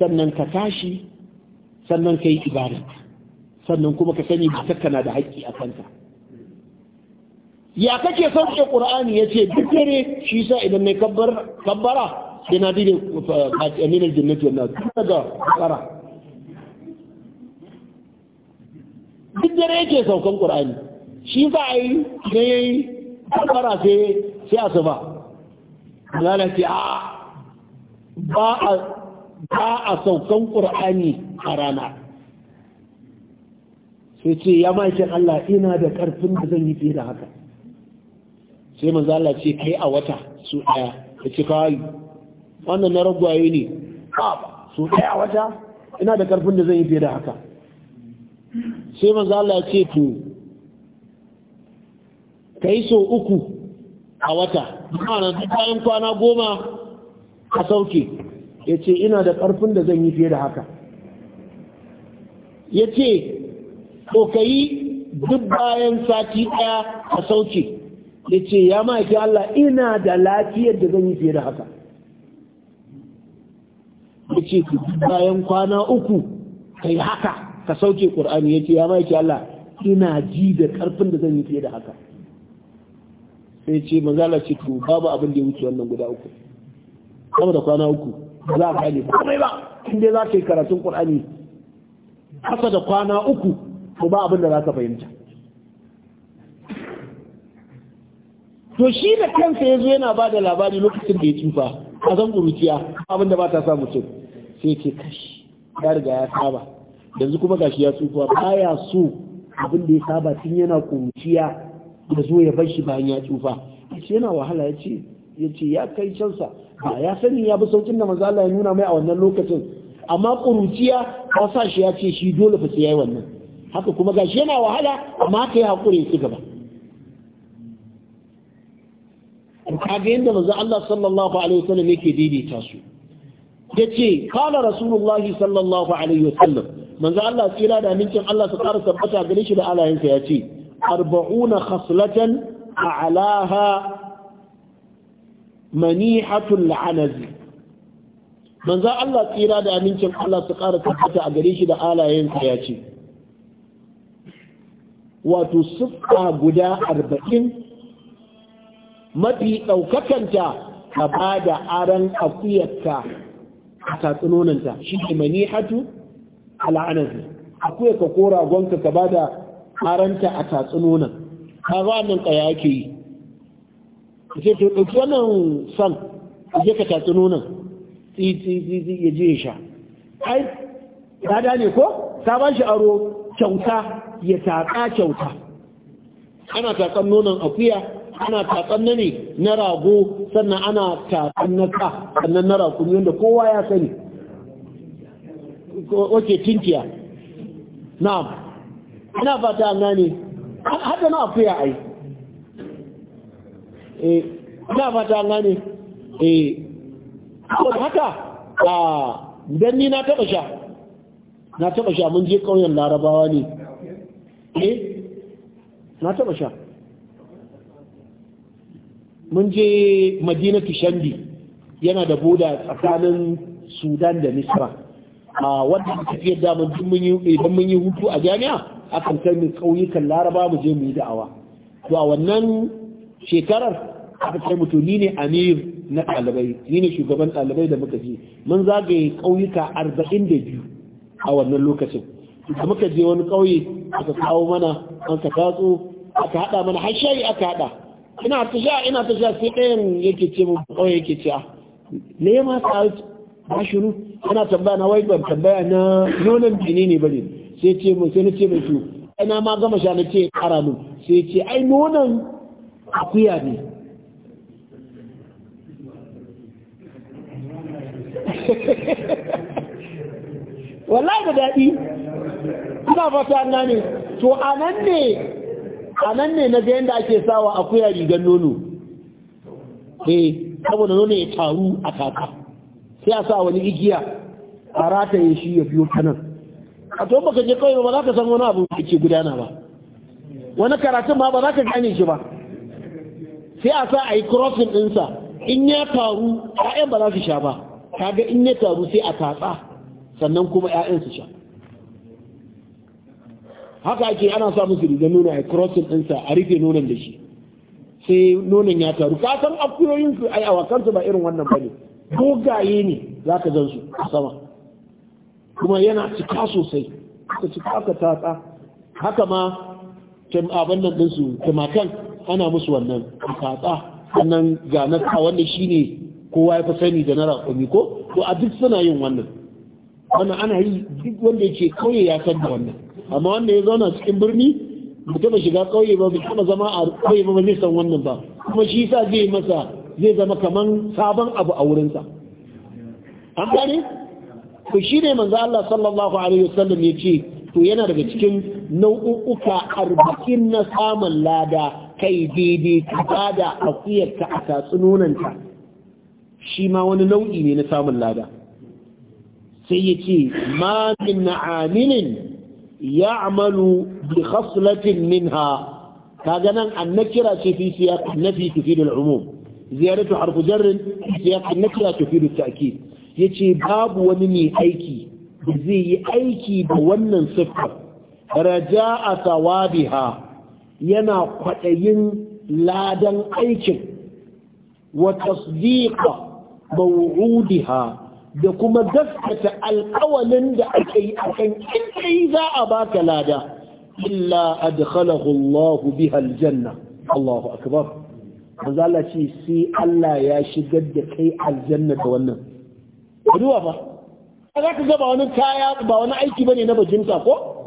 sannan ka tashi sannan ka yi ibada sannan kuma ka sani matarka na da haƙƙi a kanta ya kake sauke ƙur'ani ya ce duk dare shi sa idan mai kabbara sai na dire eh, aminar jinnati wannan duk daga ƙara duk dare yake saukan qur'ani shi sa a yi ne ya yi kabbara sai asuba lalace a ba a ba a saukan ƙur'ani a rana sai ce ya makin Allah ina da ƙarfin da zan yi fiye da haka sai manzo Allah ce kai a wata su ɗaya ka ci kawai wannan na ragwaye ne su ɗaya a wata ina da ƙarfin da zan yi fiye da haka sai manzo Allah ce to kai so uku a wata ma'ana bayan kwana goma a sauke ya ce ina da ƙarfin da zan yi fiye da haka ya ce to ka yi duk bayan sati ɗaya a sauke ya ce ya ma'aiki Allah ina da lafiyar da zan yi fiye da haka ya ce bayan kwana uku ka yi haka ka sauke ƙur'ani ya ce ya ma'aiki Allah ina ji da ƙarfin da zan yi fiye da haka sai ce mazala ce to babu abin da ya wuce wannan guda uku da kwana uku ba za a gane ba inda dai za ka yi karatun ƙur'ani. kasa da kwana uku ko ba abin za ka fahimta to shi da kansa ya zo yana ba da labari lokacin da ya tsufa a zan kuruciya abin ba ta sa mutum sai ke kashi ya riga ya saba yanzu kuma gashi ya tsufa ya so abin da ya saba tun yana kuruciya da zo ya bar shi bayan ya tsufa shi yana wahala ya ya ce ya kai cansa ba ya sani ya bi saukin da manzo Allah ya nuna mai a wannan lokacin amma kuruciya ba sa shi ya ce shi dole fa sai yayi wannan haka kuma gashi yana wahala amma kai hakuri ki gaba kaga yanda manzo Allah sallallahu alaihi wasallam yake daidaita su yace qala rasulullahi sallallahu alaihi wasallam manzo Allah tsira da minkin Allah su ƙara tabbata gare shi da alayensa yace arba'una khaslatan a'laha manihatul anazi manzo Allah tsira da amincin Allah su ƙara tabbata a gare shi da alayensa ya ce wato siffa guda arba'in mafi ɗaukakanta ka ba da aron akuyarta a tatsunonanta shi ne manihatu al'anazi akuyar ka ko ragonka ka ba da aranta a tatsunonan ka ba nan ƙaya ke yi ce to ɗauki wannan san je ka tatsi nonon tsitsi ya je ya sha ai da ne ko ta ba shi aro kyauta ya taƙa kyauta ana tatsan nonon akuya ana tatsan na ne na rago sannan ana tatsan na ka sannan na ne wanda kowa ya sani oke tinkiya na'am ina fata an gane hada na akuya ai eh ina fata an gane eh haka a dan ni na taba sha na taba sha mun je kauyen larabawa ne eh na taba sha mun je madinatu shandi yana da boda tsakanin sudan da misra a wannan tafiyar da mun mun yi idan mun yi hutu a jami'a akan kai mu kauyukan larabawa mu je mu yi da'awa to a wannan shekarar aka kai mutu ni ne amir na ɗalibai ni ne shugaban ɗalibai da muka je mun zagaye ƙauyuka arba'in da biyu a wannan lokacin da muka je wani ƙauye aka kawo mana an ka tatso aka haɗa mana har shayi aka haɗa ina ta sha ina ta sha sai ɗayan yake ce mu ƙauye yake ce ne ah, ma ta ba shiru ana tambaya na wai ban tambaya na nonon bene ne bane sai ce mu sai na ce mai su ina ma gama sha na ce ƙara mun sai ce ai nonon akuya ne wallahi da daɗi ina fata na ne to a nan ne ne na ga yadda ake sawa akuya rigar nono eh saboda nono ya taru a kaka sai a sa wani igiya a rataye shi ya fiyo ta nan a to baka je kawai ba za ka san wani abu da ke gudana ba wani karatun ma ba za ka gane shi ba sai a sa a yi crossing ɗinsa in ya taru 'ya'yan ba za su sha ba kaga in ya taru sai a tatsa sannan kuma 'ya'yan su sha haka ake ana sa musu riga nuna a crossin ɗinsa a rufe nonon da shi sai nonon ya taru ka san akuyoyin su ai awakan su ba irin wannan bane gaye ne za ka zan su a sama kuma yana cika sosai ka cika aka tatsa haka ma abin nan ɗinsu tumakan ana musu wannan a tatsa sannan ga na wanda shine kowa ya fi sani da na raƙumi ko to a duk suna yin wannan wannan ana yi duk wanda ya ce kauye ya san da wannan amma wanda ya zauna cikin birni ba taɓa shiga kauye ba bai taɓa zama a kauye ba ba zai san wannan ba kuma shi sa zai masa zai zama kaman sabon abu a wurinsa an gane to shi ne manzo Allah sallallahu alaihi wasallam ya ce to yana daga cikin nau'uka arba'in na samun lada kai daidai ka bada ta a tatsunonanta shi ma wani nau'i ne na samun lada sai ya ce ma min amilin ya amalu bi khaslatin minha kaga nan an ce fi siyaq annafi tufidu umum ziyaratu harfu jar siyaq an-nakira takid yace babu wani ne aiki da zai yi aiki da wannan siffar raja'a sawabiha yana kwaɗayin ladan aikin wa tasdiqa mawu'udiha da kuma gaskata alƙawalin da aka yi akan in kai za a baka lada illa adkhalahu Allah biha aljanna Allahu akbar manzo Allah ce sai Allah ya shigar da kai aljanna da wannan duwa fa za ka ga ba wani kaya ba wani aiki bane na bajinta ko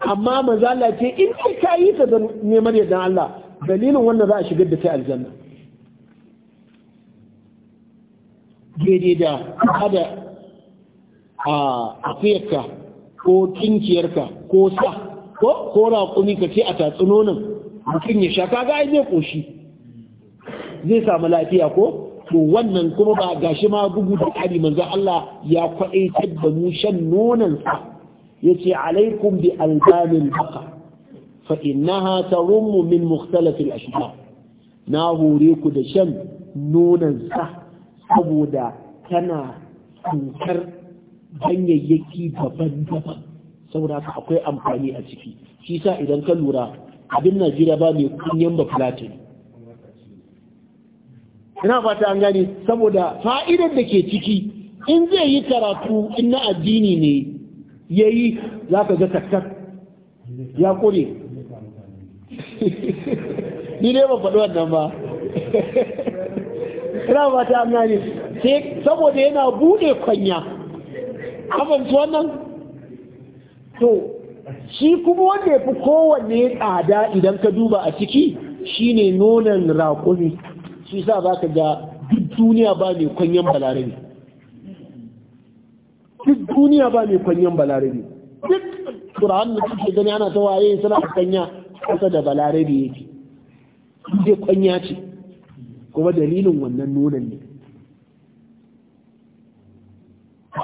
amma manzo Allah ce in kai kayi ta neman yardan Allah dalilin wannan za a shigar da kai aljanna daidai da hada a afiyarka ko kinkiyarka ko sa ko ko raƙumi ka ce a tatsunonin mutum ya sha kaga ai zai koshi zai samu lafiya ko to wannan kuma ba gashi ma bugu da kari manzo Allah ya kwaɗaitar da mu shan nonon sa yace alaikum bi albamin baqa fa innaha tarum min mukhtalaf al na hore ku da shan nonon sa saboda tana tsunkar ganyayyaki daban-daban saboda haka akwai amfani a ciki shi sa idan ka lura abin najeriya ba mai kunyan ba platin ina fata an gane saboda fa'idar da ke ciki in zai yi karatu in na addini ne ya yi za ka ga ya kure ni ne ba faɗi wannan ba ina ba ta amani sai saboda yana bude kwanya kafanci wannan to shi kuma wanda ya fi kowanne tsada idan ka duba a ciki shine nonon raƙumi shi sa za ka ga duk duniya ba mai kwanyen balarabe duk duniya ba mai kwanyen balarabe duk turan da suke gani ana ta waye suna kwanya kusa da balarabe yake duk kwanya ce kuma dalilin wannan nunan ne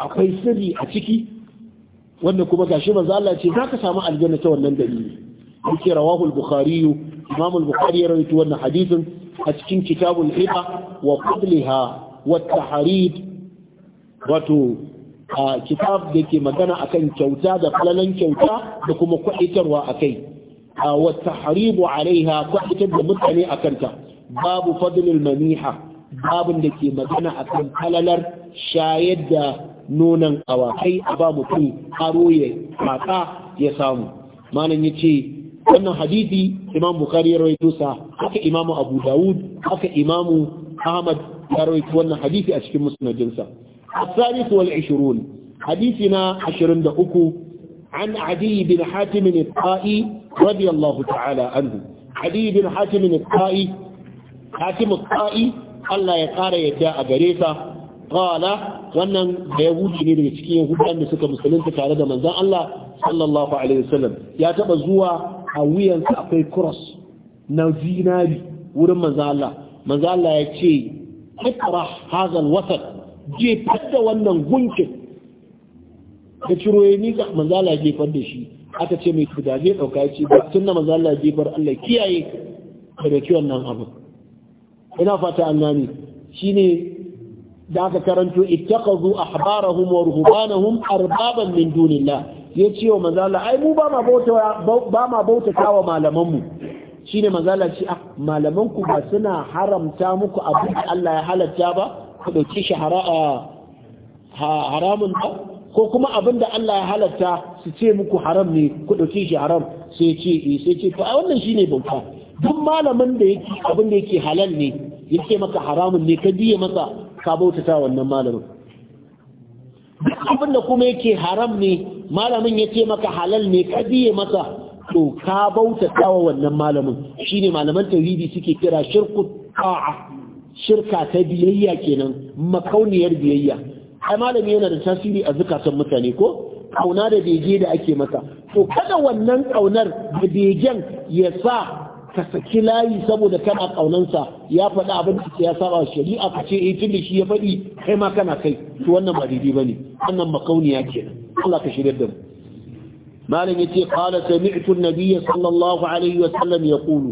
akwai sirri a ciki wanda kuma gashi manzo Allah ce ka samu aljanna ta wannan dalili yake rawahul bukhari imam al-bukhari ya rawaito wannan hadisin a cikin kitabul hiba wa qadliha wa tahrid wato a kitab da ke magana akan kyauta da falalan kyauta da kuma kwaitarwa akai a wa tahribu alaiha kwaitar da mutane akanta babu fadlul maniha babun da ke magana akan halalar shayar da nonon awakai a ba mutum karo ya kaka ya samu malam yace wannan hadisi imam bukhari ya rawaito sa haka imamu abu dawud haka imamu ahmad ya rawaito wannan hadisi a cikin musnadin sa الثالث والعشرون حديثنا عشرين دقوق عن عدي بن حاتم الطائي رضي الله تعالى عنه عدي بن حاتم الطائي hatimu ta'i Allah ya kara yadda a gare sa qala wannan da yahudi ne daga cikin yahudan da suka musulunta tare da manzon Allah sallallahu alaihi wasallam ya taba zuwa a wuyansa akwai cross na zinari wurin manzon Allah manzon Allah ya ce ikrah hadha alwasat je fadda wannan gunkin da ciro ya nika manzon Allah ya jefar da shi aka ce mai tudaje dauka ya ce da manzon Allah ya jefar Allah kiyaye daga kiwon nan abu ina fata an gani shine da aka karanto ittaqadu ahbarahum wa ruhbanahum arbaban min dunillah yace wa manzo Allah ai mu ba ma bauta ba ma bauta kawa malaman mu shine manzo ce ah malaman ku ba suna haramta muku abin da Allah ya halatta ba ku dauke shi haramun ba ko kuma abin da Allah ya halatta su ce muku haram ne ku dauke shi haram sai ce eh, sai ce to a wannan shine bauta duk malamin da yake abin da yake halal ne yake maka haramun ne ka biye masa ka bautata wannan malamin duk abin da kuma yake haram ne malamin yake maka halal ne ka biye masa to ka bautata wa wannan malamin shine malaman tauhidi suke kira shirku ta'a shirka ta biyayya kenan makauniyar biyayya ai malami yana da tasiri a zukatan mutane ko kauna da bege da ake masa to kada wannan kaunar da begen ya sa ka saki layi saboda kana kaunansa ya faɗi abin da ya saba shari'a ka ce eh da shi ya faɗi kai ma kana kai to wannan ba daidai bane wannan makauniya kenan Allah ka shirya da mu malam yace qala sami'tu an-nabiy sallallahu alaihi wa sallam yaqulu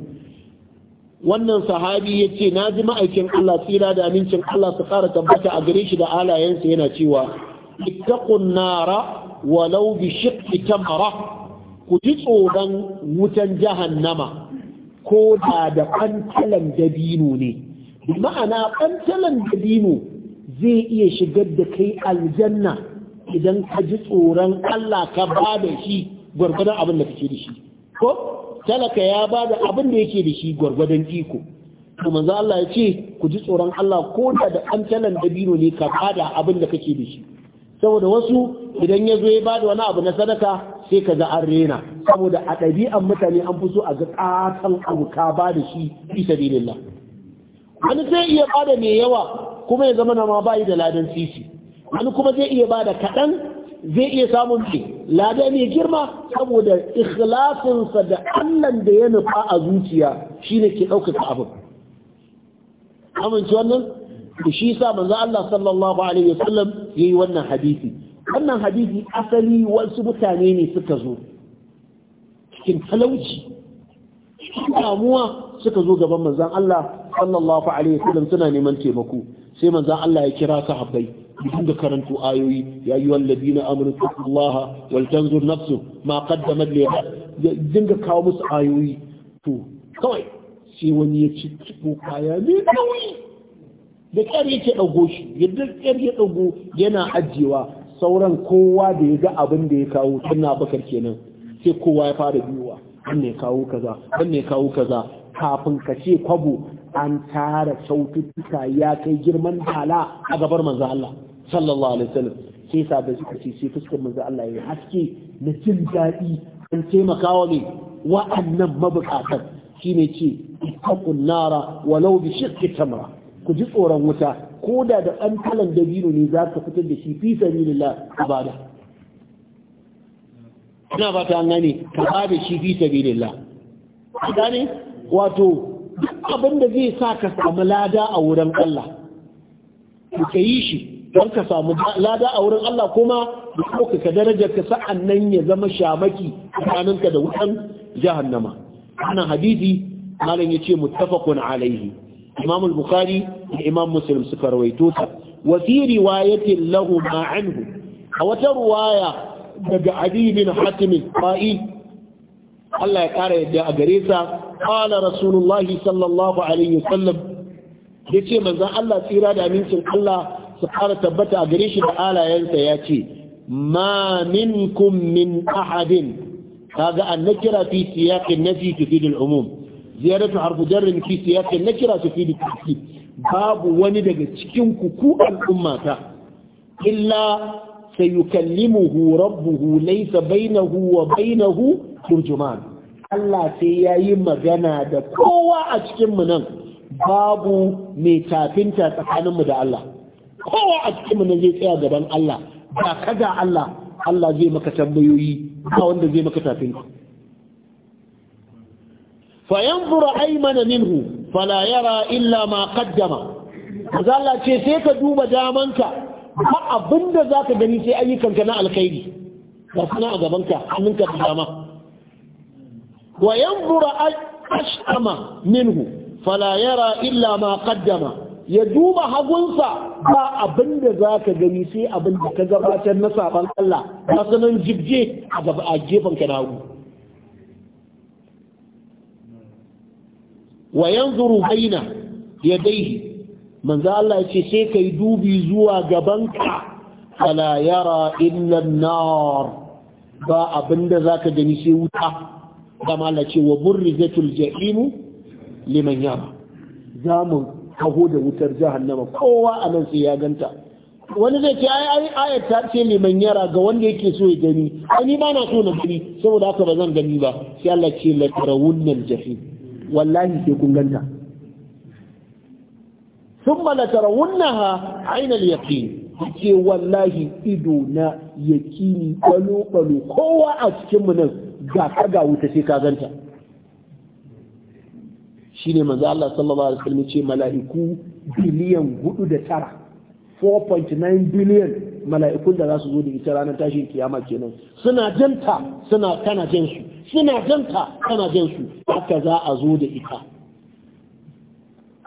wannan sahabi yace ji ma'aikin Allah tsira da amincin Allah su fara tabbata a gare shi da alayensa yana cewa ittaqun nara walau bi shiqqi tamra ku ji tsoron wutan jahannama ko da da ɓantalan dabino ne ma'ana ɓantalan dabino zai iya shigar da kai aljanna idan ka ji tsoron Allah ka ba da shi gwargwadon abin da kake da shi ko talaka ya ba da abin da yake da shi gwargwadon iko to manzo Allah ya ce ku ji tsoron Allah ko da da ɓantalan dabino ne ka ba da abin da kake da shi saboda wasu idan ya zo ya ba da wani abu na sadaka sai ka ga an rena saboda a ɗabi'an mutane an fi so a ga ƙatan abuka ba da shi isa sabilillah wani zai iya ba da mai yawa kuma ya zama na ma bayi da ladan sisi wani kuma zai iya ba da kaɗan zai iya samun ce lada mai girma saboda ikhlasinsa da allan da ya nufa a zuciya ne ke ɗaukaka abin amince wannan shi sa manzo Allah sallallahu alaihi wasallam yayi wannan hadisi wannan hadisi asali wasu mutane ne suka zo cikin talauci cikin damuwa suka zo gaban manzan Allah sallallahu alaihi wasallam suna neman taimako sai manzan Allah ya kira sahabbai bikin da karantu ayoyi ya yi wallabina amanu taqullaha wal tanzur nafsu ma qaddamat li dinga kawo musu ayoyi to kawai sai wani ya ci ko kaya ne nauyi da ƙyar yake ɗago shi yadda ƙyar ya ɗago yana ajiyewa sauran kowa da ya ga abin da ya kawo tunna bakar kenan sai kowa ya fara biyuwa wanne ya kawo kaza kawo kaza kafin ka ce kwabo an tara saututtuka ya kai girman dala a gabar manzo Allah sallallahu alaihi wasallam sai sabai suka ce sai fuskar manzo Allah ya haske na jin daɗi an taimakawa ne wa'annan mabukatan shine ce ittaqun nara walau bi shiqqi tamra ku ji tsoron wuta ko da da ɗan talan dabino ne za ka fitar da shi fi sabilillah ka bada ina ba ta gane ka bada shi fi sabilillah gane wato duk abin da zai sa ka samu lada a wurin Allah ka yi shi don ka samu lada a wurin Allah kuma da ka darajar ka sa'an nan ya zama shamaki tsakaninka da wutan jahannama ana hadisi malam ya ce muttafaqun alaihi Imamul al-bukhari da imam muslim suka rawaito ta wa fi lahu ma anhu a wata ruwaya daga ali bin hatim qa'i Allah ya kara yadda a gare sa qala rasulullah sallallahu alaihi wasallam yace manzan Allah tsira da amincin Allah su fara tabbata a gare shi da alayensa ya ce ma minkum min ahadin kaga an nakira fi siyaqin nafi tufid al-umum ziyaratu harfu jarrin fi na nakira su fi dukki babu wani daga cikin ku ku al'ummata illa sayukallimuhu rabbuhu laysa bainahu wa bainahu turjuman Allah sai yayi magana da kowa a cikinmu nan babu mai tafinta tsakanin mu da Allah kowa a cikinmu nan zai tsaya gaban Allah ba kada Allah Allah zai maka tambayoyi ba wanda zai maka tafinta fayanzura aymana minhu fala yara illa ma qaddama maza Allah ce sai ka duba damanka ba abinda zaka gani sai ayyukanka na alkhairi ga suna a gabanka hannunka da dama wa yanzura ashama minhu fala yara illa ma qaddama ya duba hagunsa ba abinda da za ka gani sai abin ka gabatar na saban Allah na sanan jibje a gefen ka na hagu wa yanzuru baina yadayhi manzo Allah ya ce sai kai dubi zuwa gabanka fala yara illa an-nar ba abinda zaka gani sai wuta da Allah ce wa burrizatul jahim liman yara zamu kaho da wutar jahannama kowa a nan sai ya ganta wani zai ce ai ayat ta ce liman yara ga wanda yake so ya gani ai ni ba na so na gani saboda haka ba zan gani ba sai Allah ce la tarawunnal jahim wallahi sai kun ganta thumma latarawunnaha ayna al-yaqin ce wallahi ido na yaqini kwalo kwalo kowa a cikin mu nan ga ka ga wuta sai ka ganta shine manzo Allah sallallahu alaihi wasallam ce mala'iku biliyan da tara 4.9 biliyan mala'ikun da za su zo da ita ranar tashin kiyama kenan suna janta suna kana jan su suna janta kana jan su haka za a zo da ita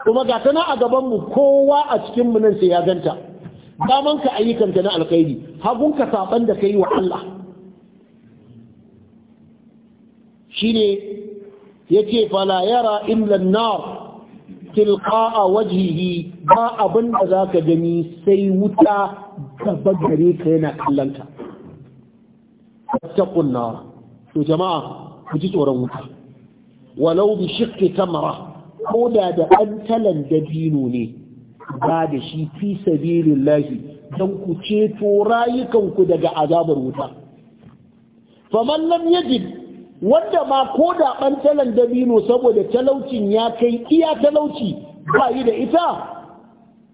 kuma ga tana a gaban mu kowa a cikin mu nan sai ya ganta daman ka ayyukan ta na alkhairi hagun ka saban da kai wa Allah shine yace fala yara illa an-nar tilqa'a wajhihi ba abin da zaka gani sai wuta gaba gare ka yana kallanta attaqun to jama'a ku ji tsoron wuta walau bi shiqqi tamara ko da da an talan dabino ne ba da shi fi sabilillahi dan ku ceto rayukanku daga azabar wuta faman lam yajid wanda ma ko da ɓantalan dabino saboda talaucin ya kai iya talauci ba yi da ita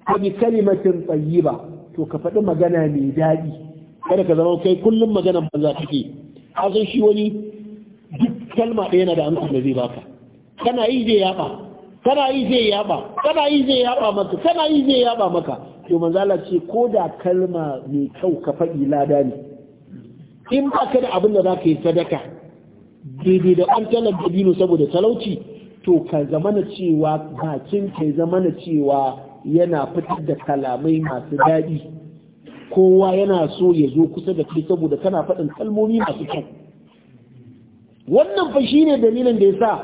a bi kalimatin tsayi ba to ka faɗi magana mai daɗi kada ka zama kai kullum maganan banza take a san shi wani duk kalma ɗaya na da amsa da zai baka kana yi zai yaba kana yi zai yaba kana yi zai yaba maka kana yi zai yaba maka to Allah ce ko da kalma mai kyau ka faɗi lada ne in ba ka da abin da za ka yi sadaka daidai da an talar dabino saboda talauci to ka zamana cewa bakin ka zamana cewa yana fitar da kalamai masu daɗi kowa yana so ya zo kusa da kai saboda kana faɗin kalmomi masu kyau wannan fa shine dalilin da yasa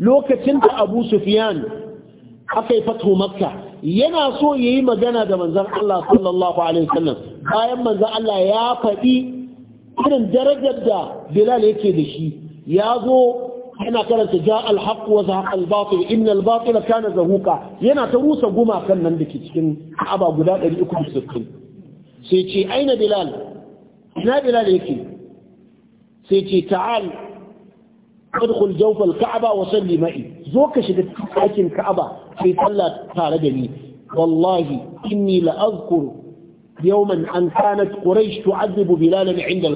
lokacin da Abu Sufyan aka yi fatu Makka yana so yayi magana da manzon Allah sallallahu alaihi wasallam bayan manzon Allah ya faɗi irin darajar da Bilal yake da shi ya zo yana karanta ja alhaq wa zahaqa albatil inna albatila kana zahuqa yana ta rusa guma kan nan dake cikin aba guda 360 sai ce aina bilal ina bilal yake sai ce ta'al adkhul jawf alka'ba wa salli ma'i zo ka shiga cikin ka'aba sai sallah tare da ni wallahi inni la azkur yawman an kanat quraish tu'adhibu bilalan 'inda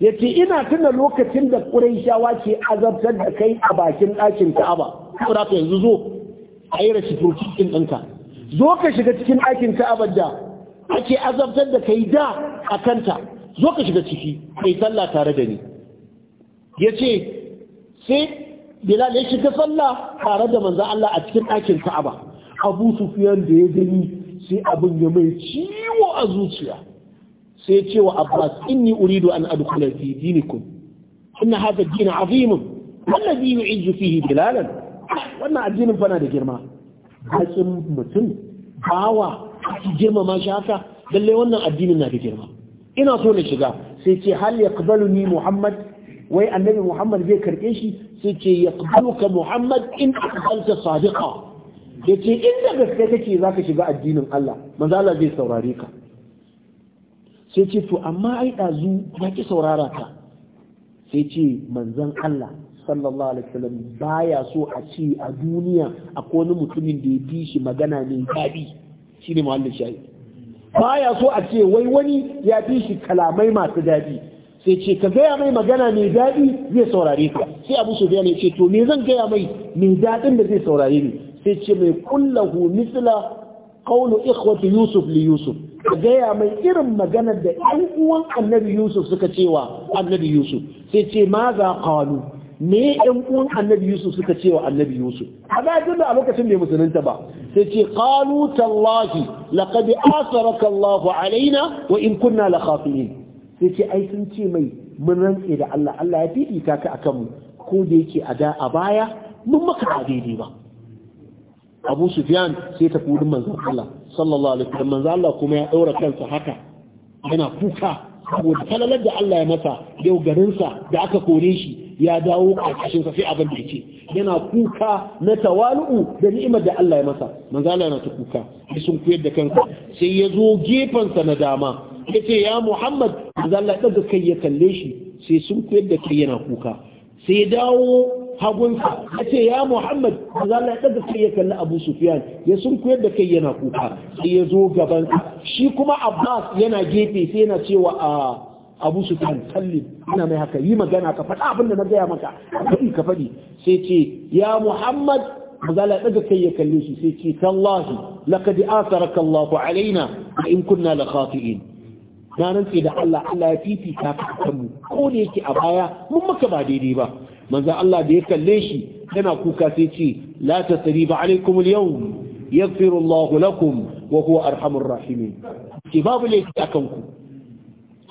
yace ina tuna lokacin da ƙurai shawa ke azabtar da kai a bakin ɗakin aba saboda ka yanzu zo a yi rashi turkikin ɗinka zo ka shiga cikin ɗakin Ka'aba da ake azabtar da kai da a kanta zo ka shiga ciki mai sallah tare da ni Ya ce sai Bilal ya shiga sallah tare da manzan Allah a cikin ɗakin Ka'aba Abu Sufyan da ya gani sai abin ya mai ciwo a zuciya sai ce wa abbas inni uridu an adkhula fi dinikum inna hadha ad-din azim alladhi yu'izzu fihi bilalan wannan addinin fa na da girma hakin mutum bawa ki girmama shi haka lalle wannan addinin na da girma ina so na shiga sai ce hal yaqbaluni muhammad wai annabi muhammad zai karbe shi sai ce yaqbaluka muhammad in aqbalta sadiqa yace inda gaske kake zaka shiga addinin Allah manzo Allah zai saurare ka sai ce to amma ai ɗazu ba ki saurara ka sai ce manzon Allah sallallahu alaihi wasallam baya so a ce a duniya akwai wani mutumin da ya bi shi magana mai daɗi shine muhallin shayi baya so a ce wai wani ya fi shi kalamai masu daɗi sai ce ka gaya mai magana mai daɗi zai saurare ka sai abu sofiya ne ce to me zan gaya mai mai daɗin da zai saurare ni sai ce mai kullahu mithla qawlu ikhwati yusuf li yusuf ka gaya mai irin maganar da ɗan uwan annabi yusuf suka cewa annabi yusuf sai ce ma za me ɗan uwan annabi yusuf suka cewa annabi yusuf a zafin da a lokacin bai musulunta ba sai ce kalu tallahi laqad asaraka allah alaina wa in kunna la khafin sai ce ai sun ce mai mun rantse da allah allah ya fifita ka akan mu ko da yake a da a baya mun maka a daidai ba abu sufyan sai ta kudin manzon allah sallallahu alaihi wasallam manzo Allah kuma ya daura kansa haka yana kuka saboda falalar da Allah ya masa yau sa da aka kore shi ya dawo a sa sai abin da yake yana kuka na tawalu'u da ni'imar da Allah ya masa manzo Allah yana ta kuka sai sun kuyar da kansa sai ya zo gefen sa na dama yace ya Muhammad manzo Allah daga kai ya kalle shi sai sun kuyar da kai yana kuka sai ya dawo hagunsa ya ce ya muhammad ba za ya ɗaga kai ya kalli abu sufiyan ya sun koyar da kai yana kuka sai ya zo gaban shi kuma abbas yana gefe sai yana cewa a abu sufiyan kalli ina mai haka yi magana ka faɗa abin da na gaya maka faɗi ka faɗi sai ce ya muhammad ba za ya ɗaga kai ya kalli shi sai ce tallahi laqad a Allah alaina in kunna la khati'in na rantse da Allah Allah ya fifita ka kanmu ko da yake a baya mun maka ba daidai ba manzo Allah da ya kalle shi yana kuka sai ce la tasriba alaikum al-yawm yaghfiru Allah lakum wa huwa arhamur rahimin ki babu laifi akan ku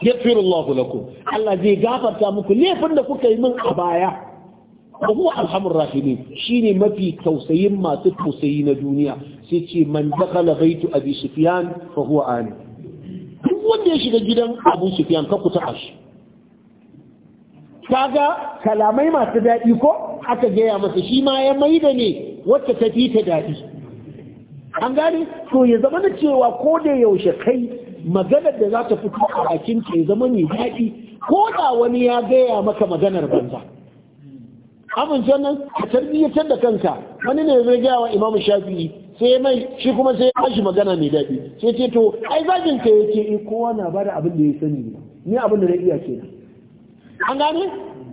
yaghfiru Allah lakum Allah zai gafarta muku laifin da kuka yi min a baya wa huwa arhamur rahimin shine mafi tausayin masu tausayi na duniya sai ce man dakala baitu abi sufyan fa huwa amin duk wanda ya shiga gidan abu sufyan ka kuta shi kaga kalamai masu daɗi ko aka gaya masa shi ma ya mai da ne wacce ta fi ta daɗi an gane to ya zama da cewa ko da yaushe kai maganar da za ta fito a bakin ya zama mai daɗi ko da wani ya gaya maka maganar banza Abin nan a tarbiyyar da kanka wani ne zai gaya wa imamu shafi'i sai mai shi kuma sai ya shi magana mai daɗi sai ce to ai zagin ka yake eh, kowa na bada abin da ya sani ni abin da na iya kenan an gane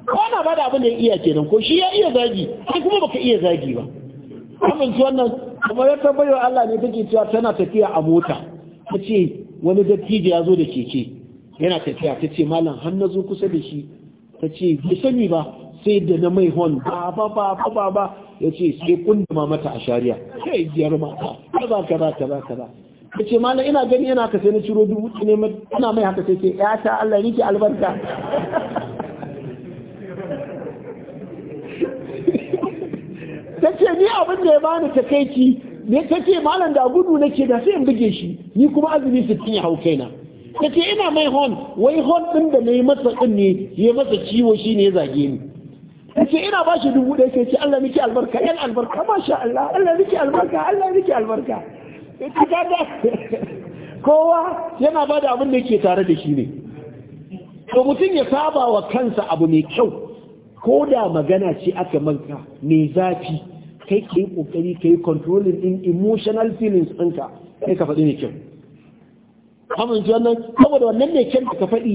ko na bada abin da ya iya kenan ko shi ya iya zagi sai kuma baka iya zagi ba amince wannan kuma ya tabbayo Allah ne take cewa tana tafiya a mota ta ce wani dattijo ya zo da keke yana tafiya ta ce malam har na zo kusa da shi ta ce bai sani ba sai da na mai hon ba ba ba ba ba ba ya ce sai kundama mata a shari'a sai biyar mata kaza kaza kaza kaza ya ce malam ina gani yana ka sai na ciro dubu ne ina mai haka sai ce ya ta Allah riki albarka ce ni abin da ya bani ki ne ta ce malam da gudu nake da sai in buge shi ni kuma azumi su ya hau kaina ta ce ina mai hon wai hon ɗin da na yi masa ɗin ne ya masa ciwo shi ne ya zage ni ta ce ina ba shi dubu ɗaya sai ce Allah nake albarka yan albarka masha Allah Allah nake albarka Allah nake albarka ta kowa yana ba da abin da yake tare da shi ne to mutum ya saba wa kansa abu mai kyau ko da magana ce aka manka mai zafi kai ka yi kokari ka yi controlling in emotional feelings ɗinka kai ka faɗi ne kyau ji wannan saboda wannan ne kyan da ka faɗi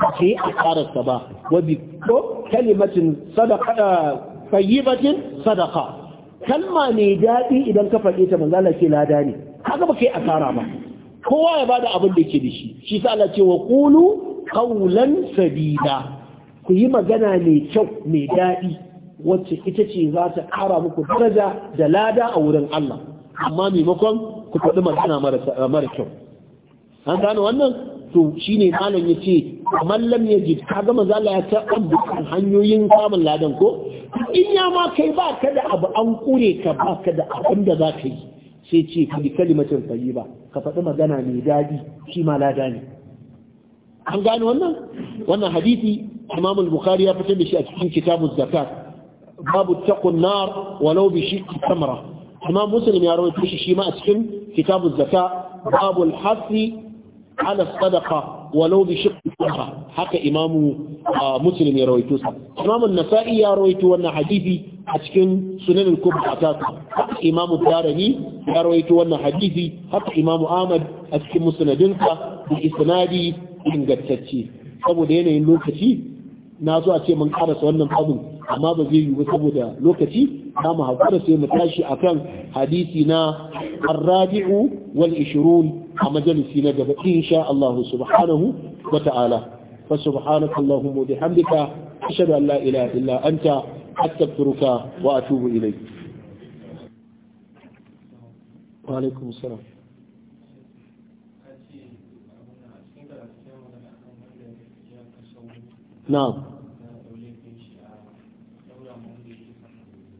ba ka yi a ƙararsa ba wabi ko kalimatin sadaka eh, fayyibatin sadaka kalma ne daɗi idan ka faɗi ta manzala ce lada ne haka ba ka yi a ƙara ba kowa ya bada abin da ke da shi shi sa Allah ce wa ƙulu qawlan sabida ku yi magana mai kyau mai daɗi wacce ita ce za ta ƙara muku daraja da lada a wurin Allah amma maimakon ku faɗi magana mara kyau an gano wannan to shi ne malam ya ce kamar lam ya ji ka gama zala ya ta dukkan hanyoyin samun ladan ko in ya ma kai ba ka da abu an kure ka ba ka da abin da za ka yi sai ce ka bi kalimatin fari ba ka faɗi magana mai daɗi shi ma lada ne an gano wannan wannan hadisi imamul bukhari ya fitar da shi a cikin kitabuz zakat babu taqun nar walau bi shiqqi tamra imam muslim ya rawaito shi shi ma a cikin kitabu zakka babu al-hasi ala sadaqa walau bi shiqqi tamra haka imam ah, muslim ya rawaito sa imam an-nasa'i ya rawaito wannan hadisi a cikin sunan al-kubra ta haka imam darani ya rawaito wannan hadisi haka imam ahmad a cikin musnadinsa bi isnadi ingantacce saboda yanayin lokaci na zo a ce mun karasa wannan abin amma ba zai yiwu saboda lokaci za mu haƙura sai mu tashi akan hadisi na arrabi'u wal ishirun a majalisi na gaba insha Allah subhanahu wa ta'ala fa subhanaka allahumma bihamdika ashhadu an la ilaha illa anta astaghfiruka wa atubu ilayk wa alaikum assalam na'am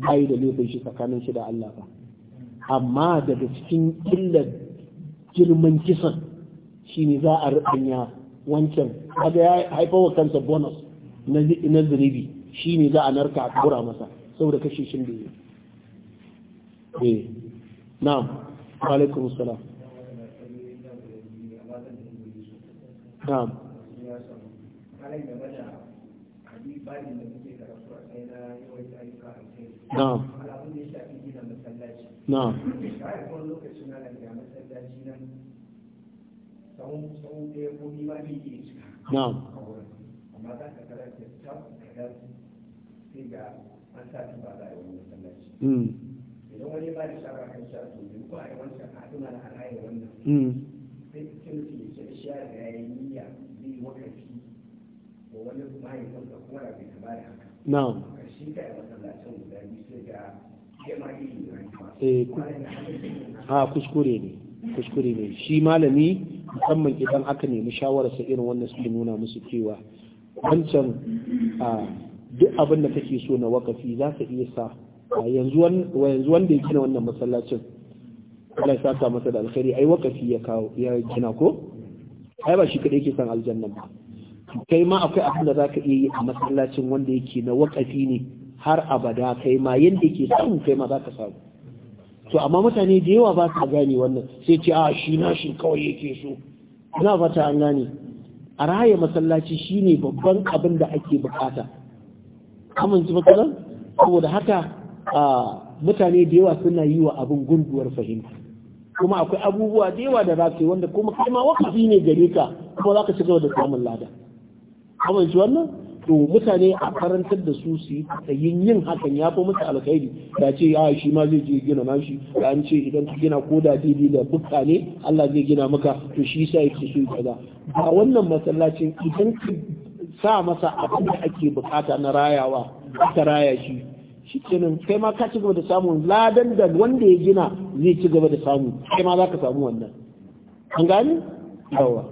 bayi da laifin shi tsakanin shi da Allah ba amma daga cikin illar girman kisan shi ne za a rubanya wancan kaga ya haifa wa kansa bonus na zunubi ne za a narka a kura masa saboda kashe shi da eh na'am alaikum salam na'am na'am na'am na'am amma za a yi wani masallaci hmm. idan wani ba da a yi wancan a tuna na da ya haka a eh, ah, kuskure ne kuskure ne shi malami musamman idan aka nemi shawararsa irin wannan su nuna musu cewa wancan duk abin da kake so na wakafi za ka iya sa yanzu wanda ya gina wannan masallacin Allah ya saka masa da alkhairi ai wakafi ya kawo ya gina ko ai ba shi kadai yake san aljanna ba kai ma akwai abin da zaka iya yi a masallacin wanda yake na wakafi ne har abada kai ma yanda yake samu kai ma zaka samu to amma mutane da yawa ba su gane wannan sai ce a ah, shi na shi kawai yake so ina fata an gane a raya masallaci shine babban abin da ake bukata ji matsalar saboda haka mutane da yawa suna yi wa abin gunduwar fahimta kuma akwai abubuwa da yawa da za su yi wanda kuma kai ma wakafi ne gare ka kuma za ka shiga da samun lada kamar wannan to mutane a karantar da su su yi yin hakan ya fi musu alkhairi da ce ya ah, shi ma zai je gina nashi da an ce idan ka gina ko da daidai da bukka ne Allah zai gina maka to shi yasa yake so kaza ba wannan masallacin idan ka sa masa abin da ake bukata na rayawa ta raya shi shi kenan kai ma ka ci gaba da samun ladan da wanda ya gina zai ci gaba da samu kai ma za ka samu wannan an gane yawa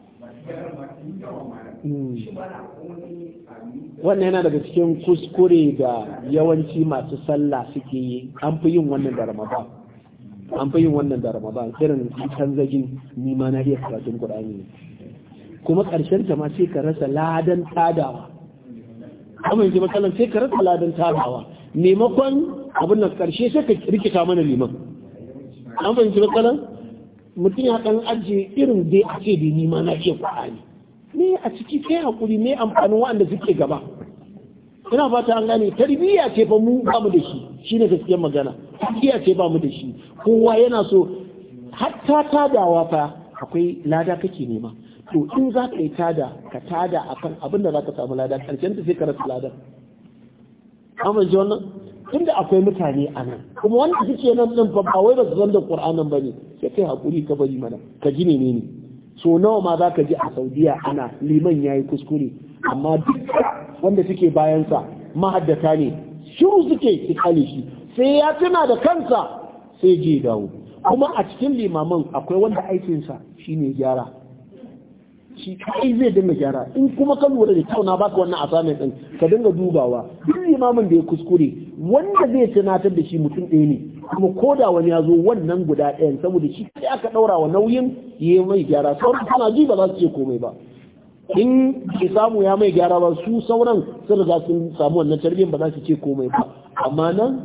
Hmm. wannan yana daga cikin kuskure da yawanci masu sallah suke yi an fi yin wannan da ramadan an fi yin wannan da ramadan irin kan zagin ni ma na iya karatun qur'ani kuma karshen ta ma sai ka rasa ladan tadawa amma yanzu matsalan sai ka rasa ladan tadawa maimakon abin nan karshe sai ka rikita mana liman an fahimci matsalan mutum ya ɗan ajiye irin dai ake ce nima na iya ƙwa'ani ne a ciki sai hakuri ne amfanin waɗanda suke gaba ina fata an gane tarbiyya ce fa mu ba mu da shi shi shine gaskiyar magana tarbiyya ce ba mu da shi kowa yana so hatta tadawa fa akwai lada kake nema to in za ka yi tada ka tada akan abin da za ka samu lada karshen ta sai ka rasa lada ji wannan tunda akwai mutane a nan kuma wanda suke nan din fa ba wai ba su da Qur'anin bane sai kai hakuri ka bari mana ka ji ne ne so nawa ma ka ji a Saudiya ana liman yayi kuskure amma duk wanda suke bayan sa mahaddata ne shiru suke su kale shi sai ya tuna da kansa sai je dawo kuma a cikin limaman akwai wanda aikinsa shine gyara shi kai zai dinga gyara in kuma ka lura da kyau na baka wannan mai ɗin ka dinga dubawa duk limamin da ya kuskure wanda zai tunatar da shi mutum ɗaya ne kuma ko da wani ya zo wannan guda ɗayan saboda shi sai aka ɗaura wa nauyin ya yi mai gyara sauran suna ji ba za su ce komai ba in ke samu ya mai gyara ba su sauran sun riga sun samu wannan tarbiyyar ba za su ce komai ba amma nan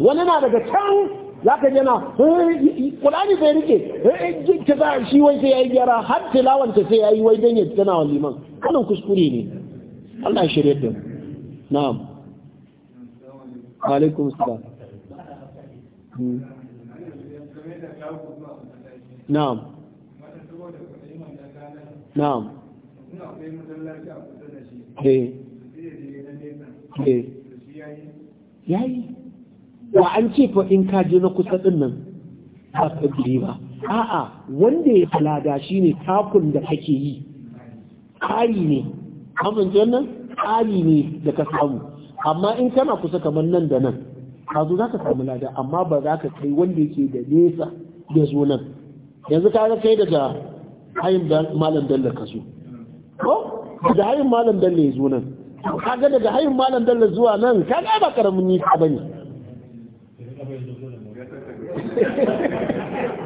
wani na daga can za ka jana kulani eh, bai rike ta eh, eh, za shi wai sai ya yi gyara har tilawanta sai ya yi wai don ya tana wa liman kanan kuskure ne Allah shirya da na'am alaikum salam hmm. na'am na'am eh eh wa an ce fa in ka je na kusa din nan ba ka guri ba a'a wanda ya falada shine takun da kake yi ƙari ne amince nan, ƙari ne da ka samu amma in kana kusa kamar nan da nan ka zo za ka samu lada amma ba za ka kai wanda yake da nesa ya zo nan yanzu ka kai daga hayin malam dalla ka zo ko da hayin malam dalla ya zo nan ka ga daga hayin malam dalla zuwa nan ka ga ba karamin nisa ba ne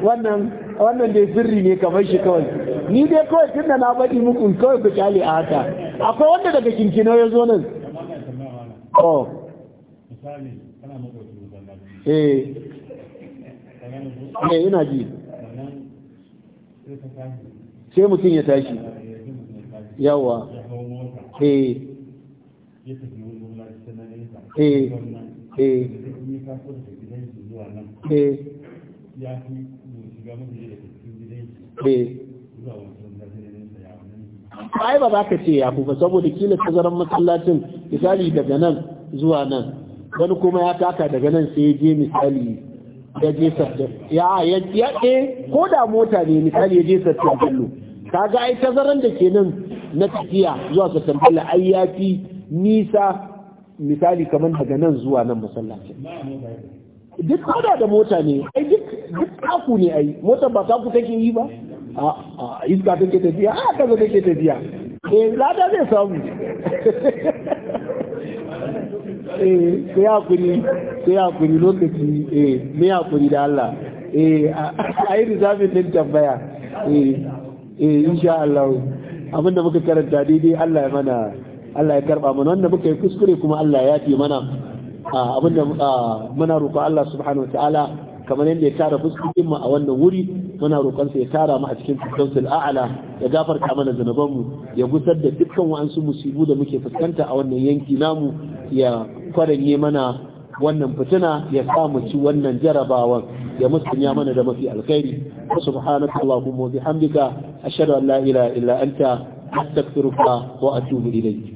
wannan wannan dai sirri ne kamar shi kawai ni dai kawai tun da na faɗi muku kawai ku kyale a haka akwai wanda daga kinkino ya zo nan oh eh eh ina ji sai mutum ya tashi yawa eh eh eh eh ya fi shiga mafi da cikin gidan shi eh. zuwa wancan ai ba za ka ce ya ba saboda kila tazaran masallacin misali daga nan zuwa nan wani kuma ya taka daga nan sai je misali ya je sattar ya ya ya eh, ko da mota ne misali ya je sattar bello kaga ai tazaran da ke nan na tafiya zuwa sattar tambala ai ya fi nisa misali kamar daga nan zuwa nan masallacin duk kada da mota ne ai duk duk kafu ne ai mota ba kaku take yi ba a iska take tafiya a kaza take tafiya eh lada zai samu eh sai kuni, sai kuni, lokaci eh me kuni da Allah eh a yi rizafin din tambaya eh eh insha Allah abinda muka karanta daidai Allah ya mana Allah ya karba mana wanda muka yi kuskure kuma Allah ya yafe mana Ah, abinda ah, muna roƙon Allah subhanahu wataala kamar yadda ya tara fuskokin mu a wannan wuri muna roƙon sa ya tara mu a cikin firdausul a'ala ya gafarta mana zanuban mu ya gusar da dukkan wa'ansu musibu da muke fuskanta a wannan yanki namu ya kwaranye mana wannan fitina ya sa mu ci wannan jarabawan ya musanya mana da mafi alkhairi subhanaka allahumma wa bihamdika ashhadu an la ilaha illa anta astaghfiruka wa atubu ilayk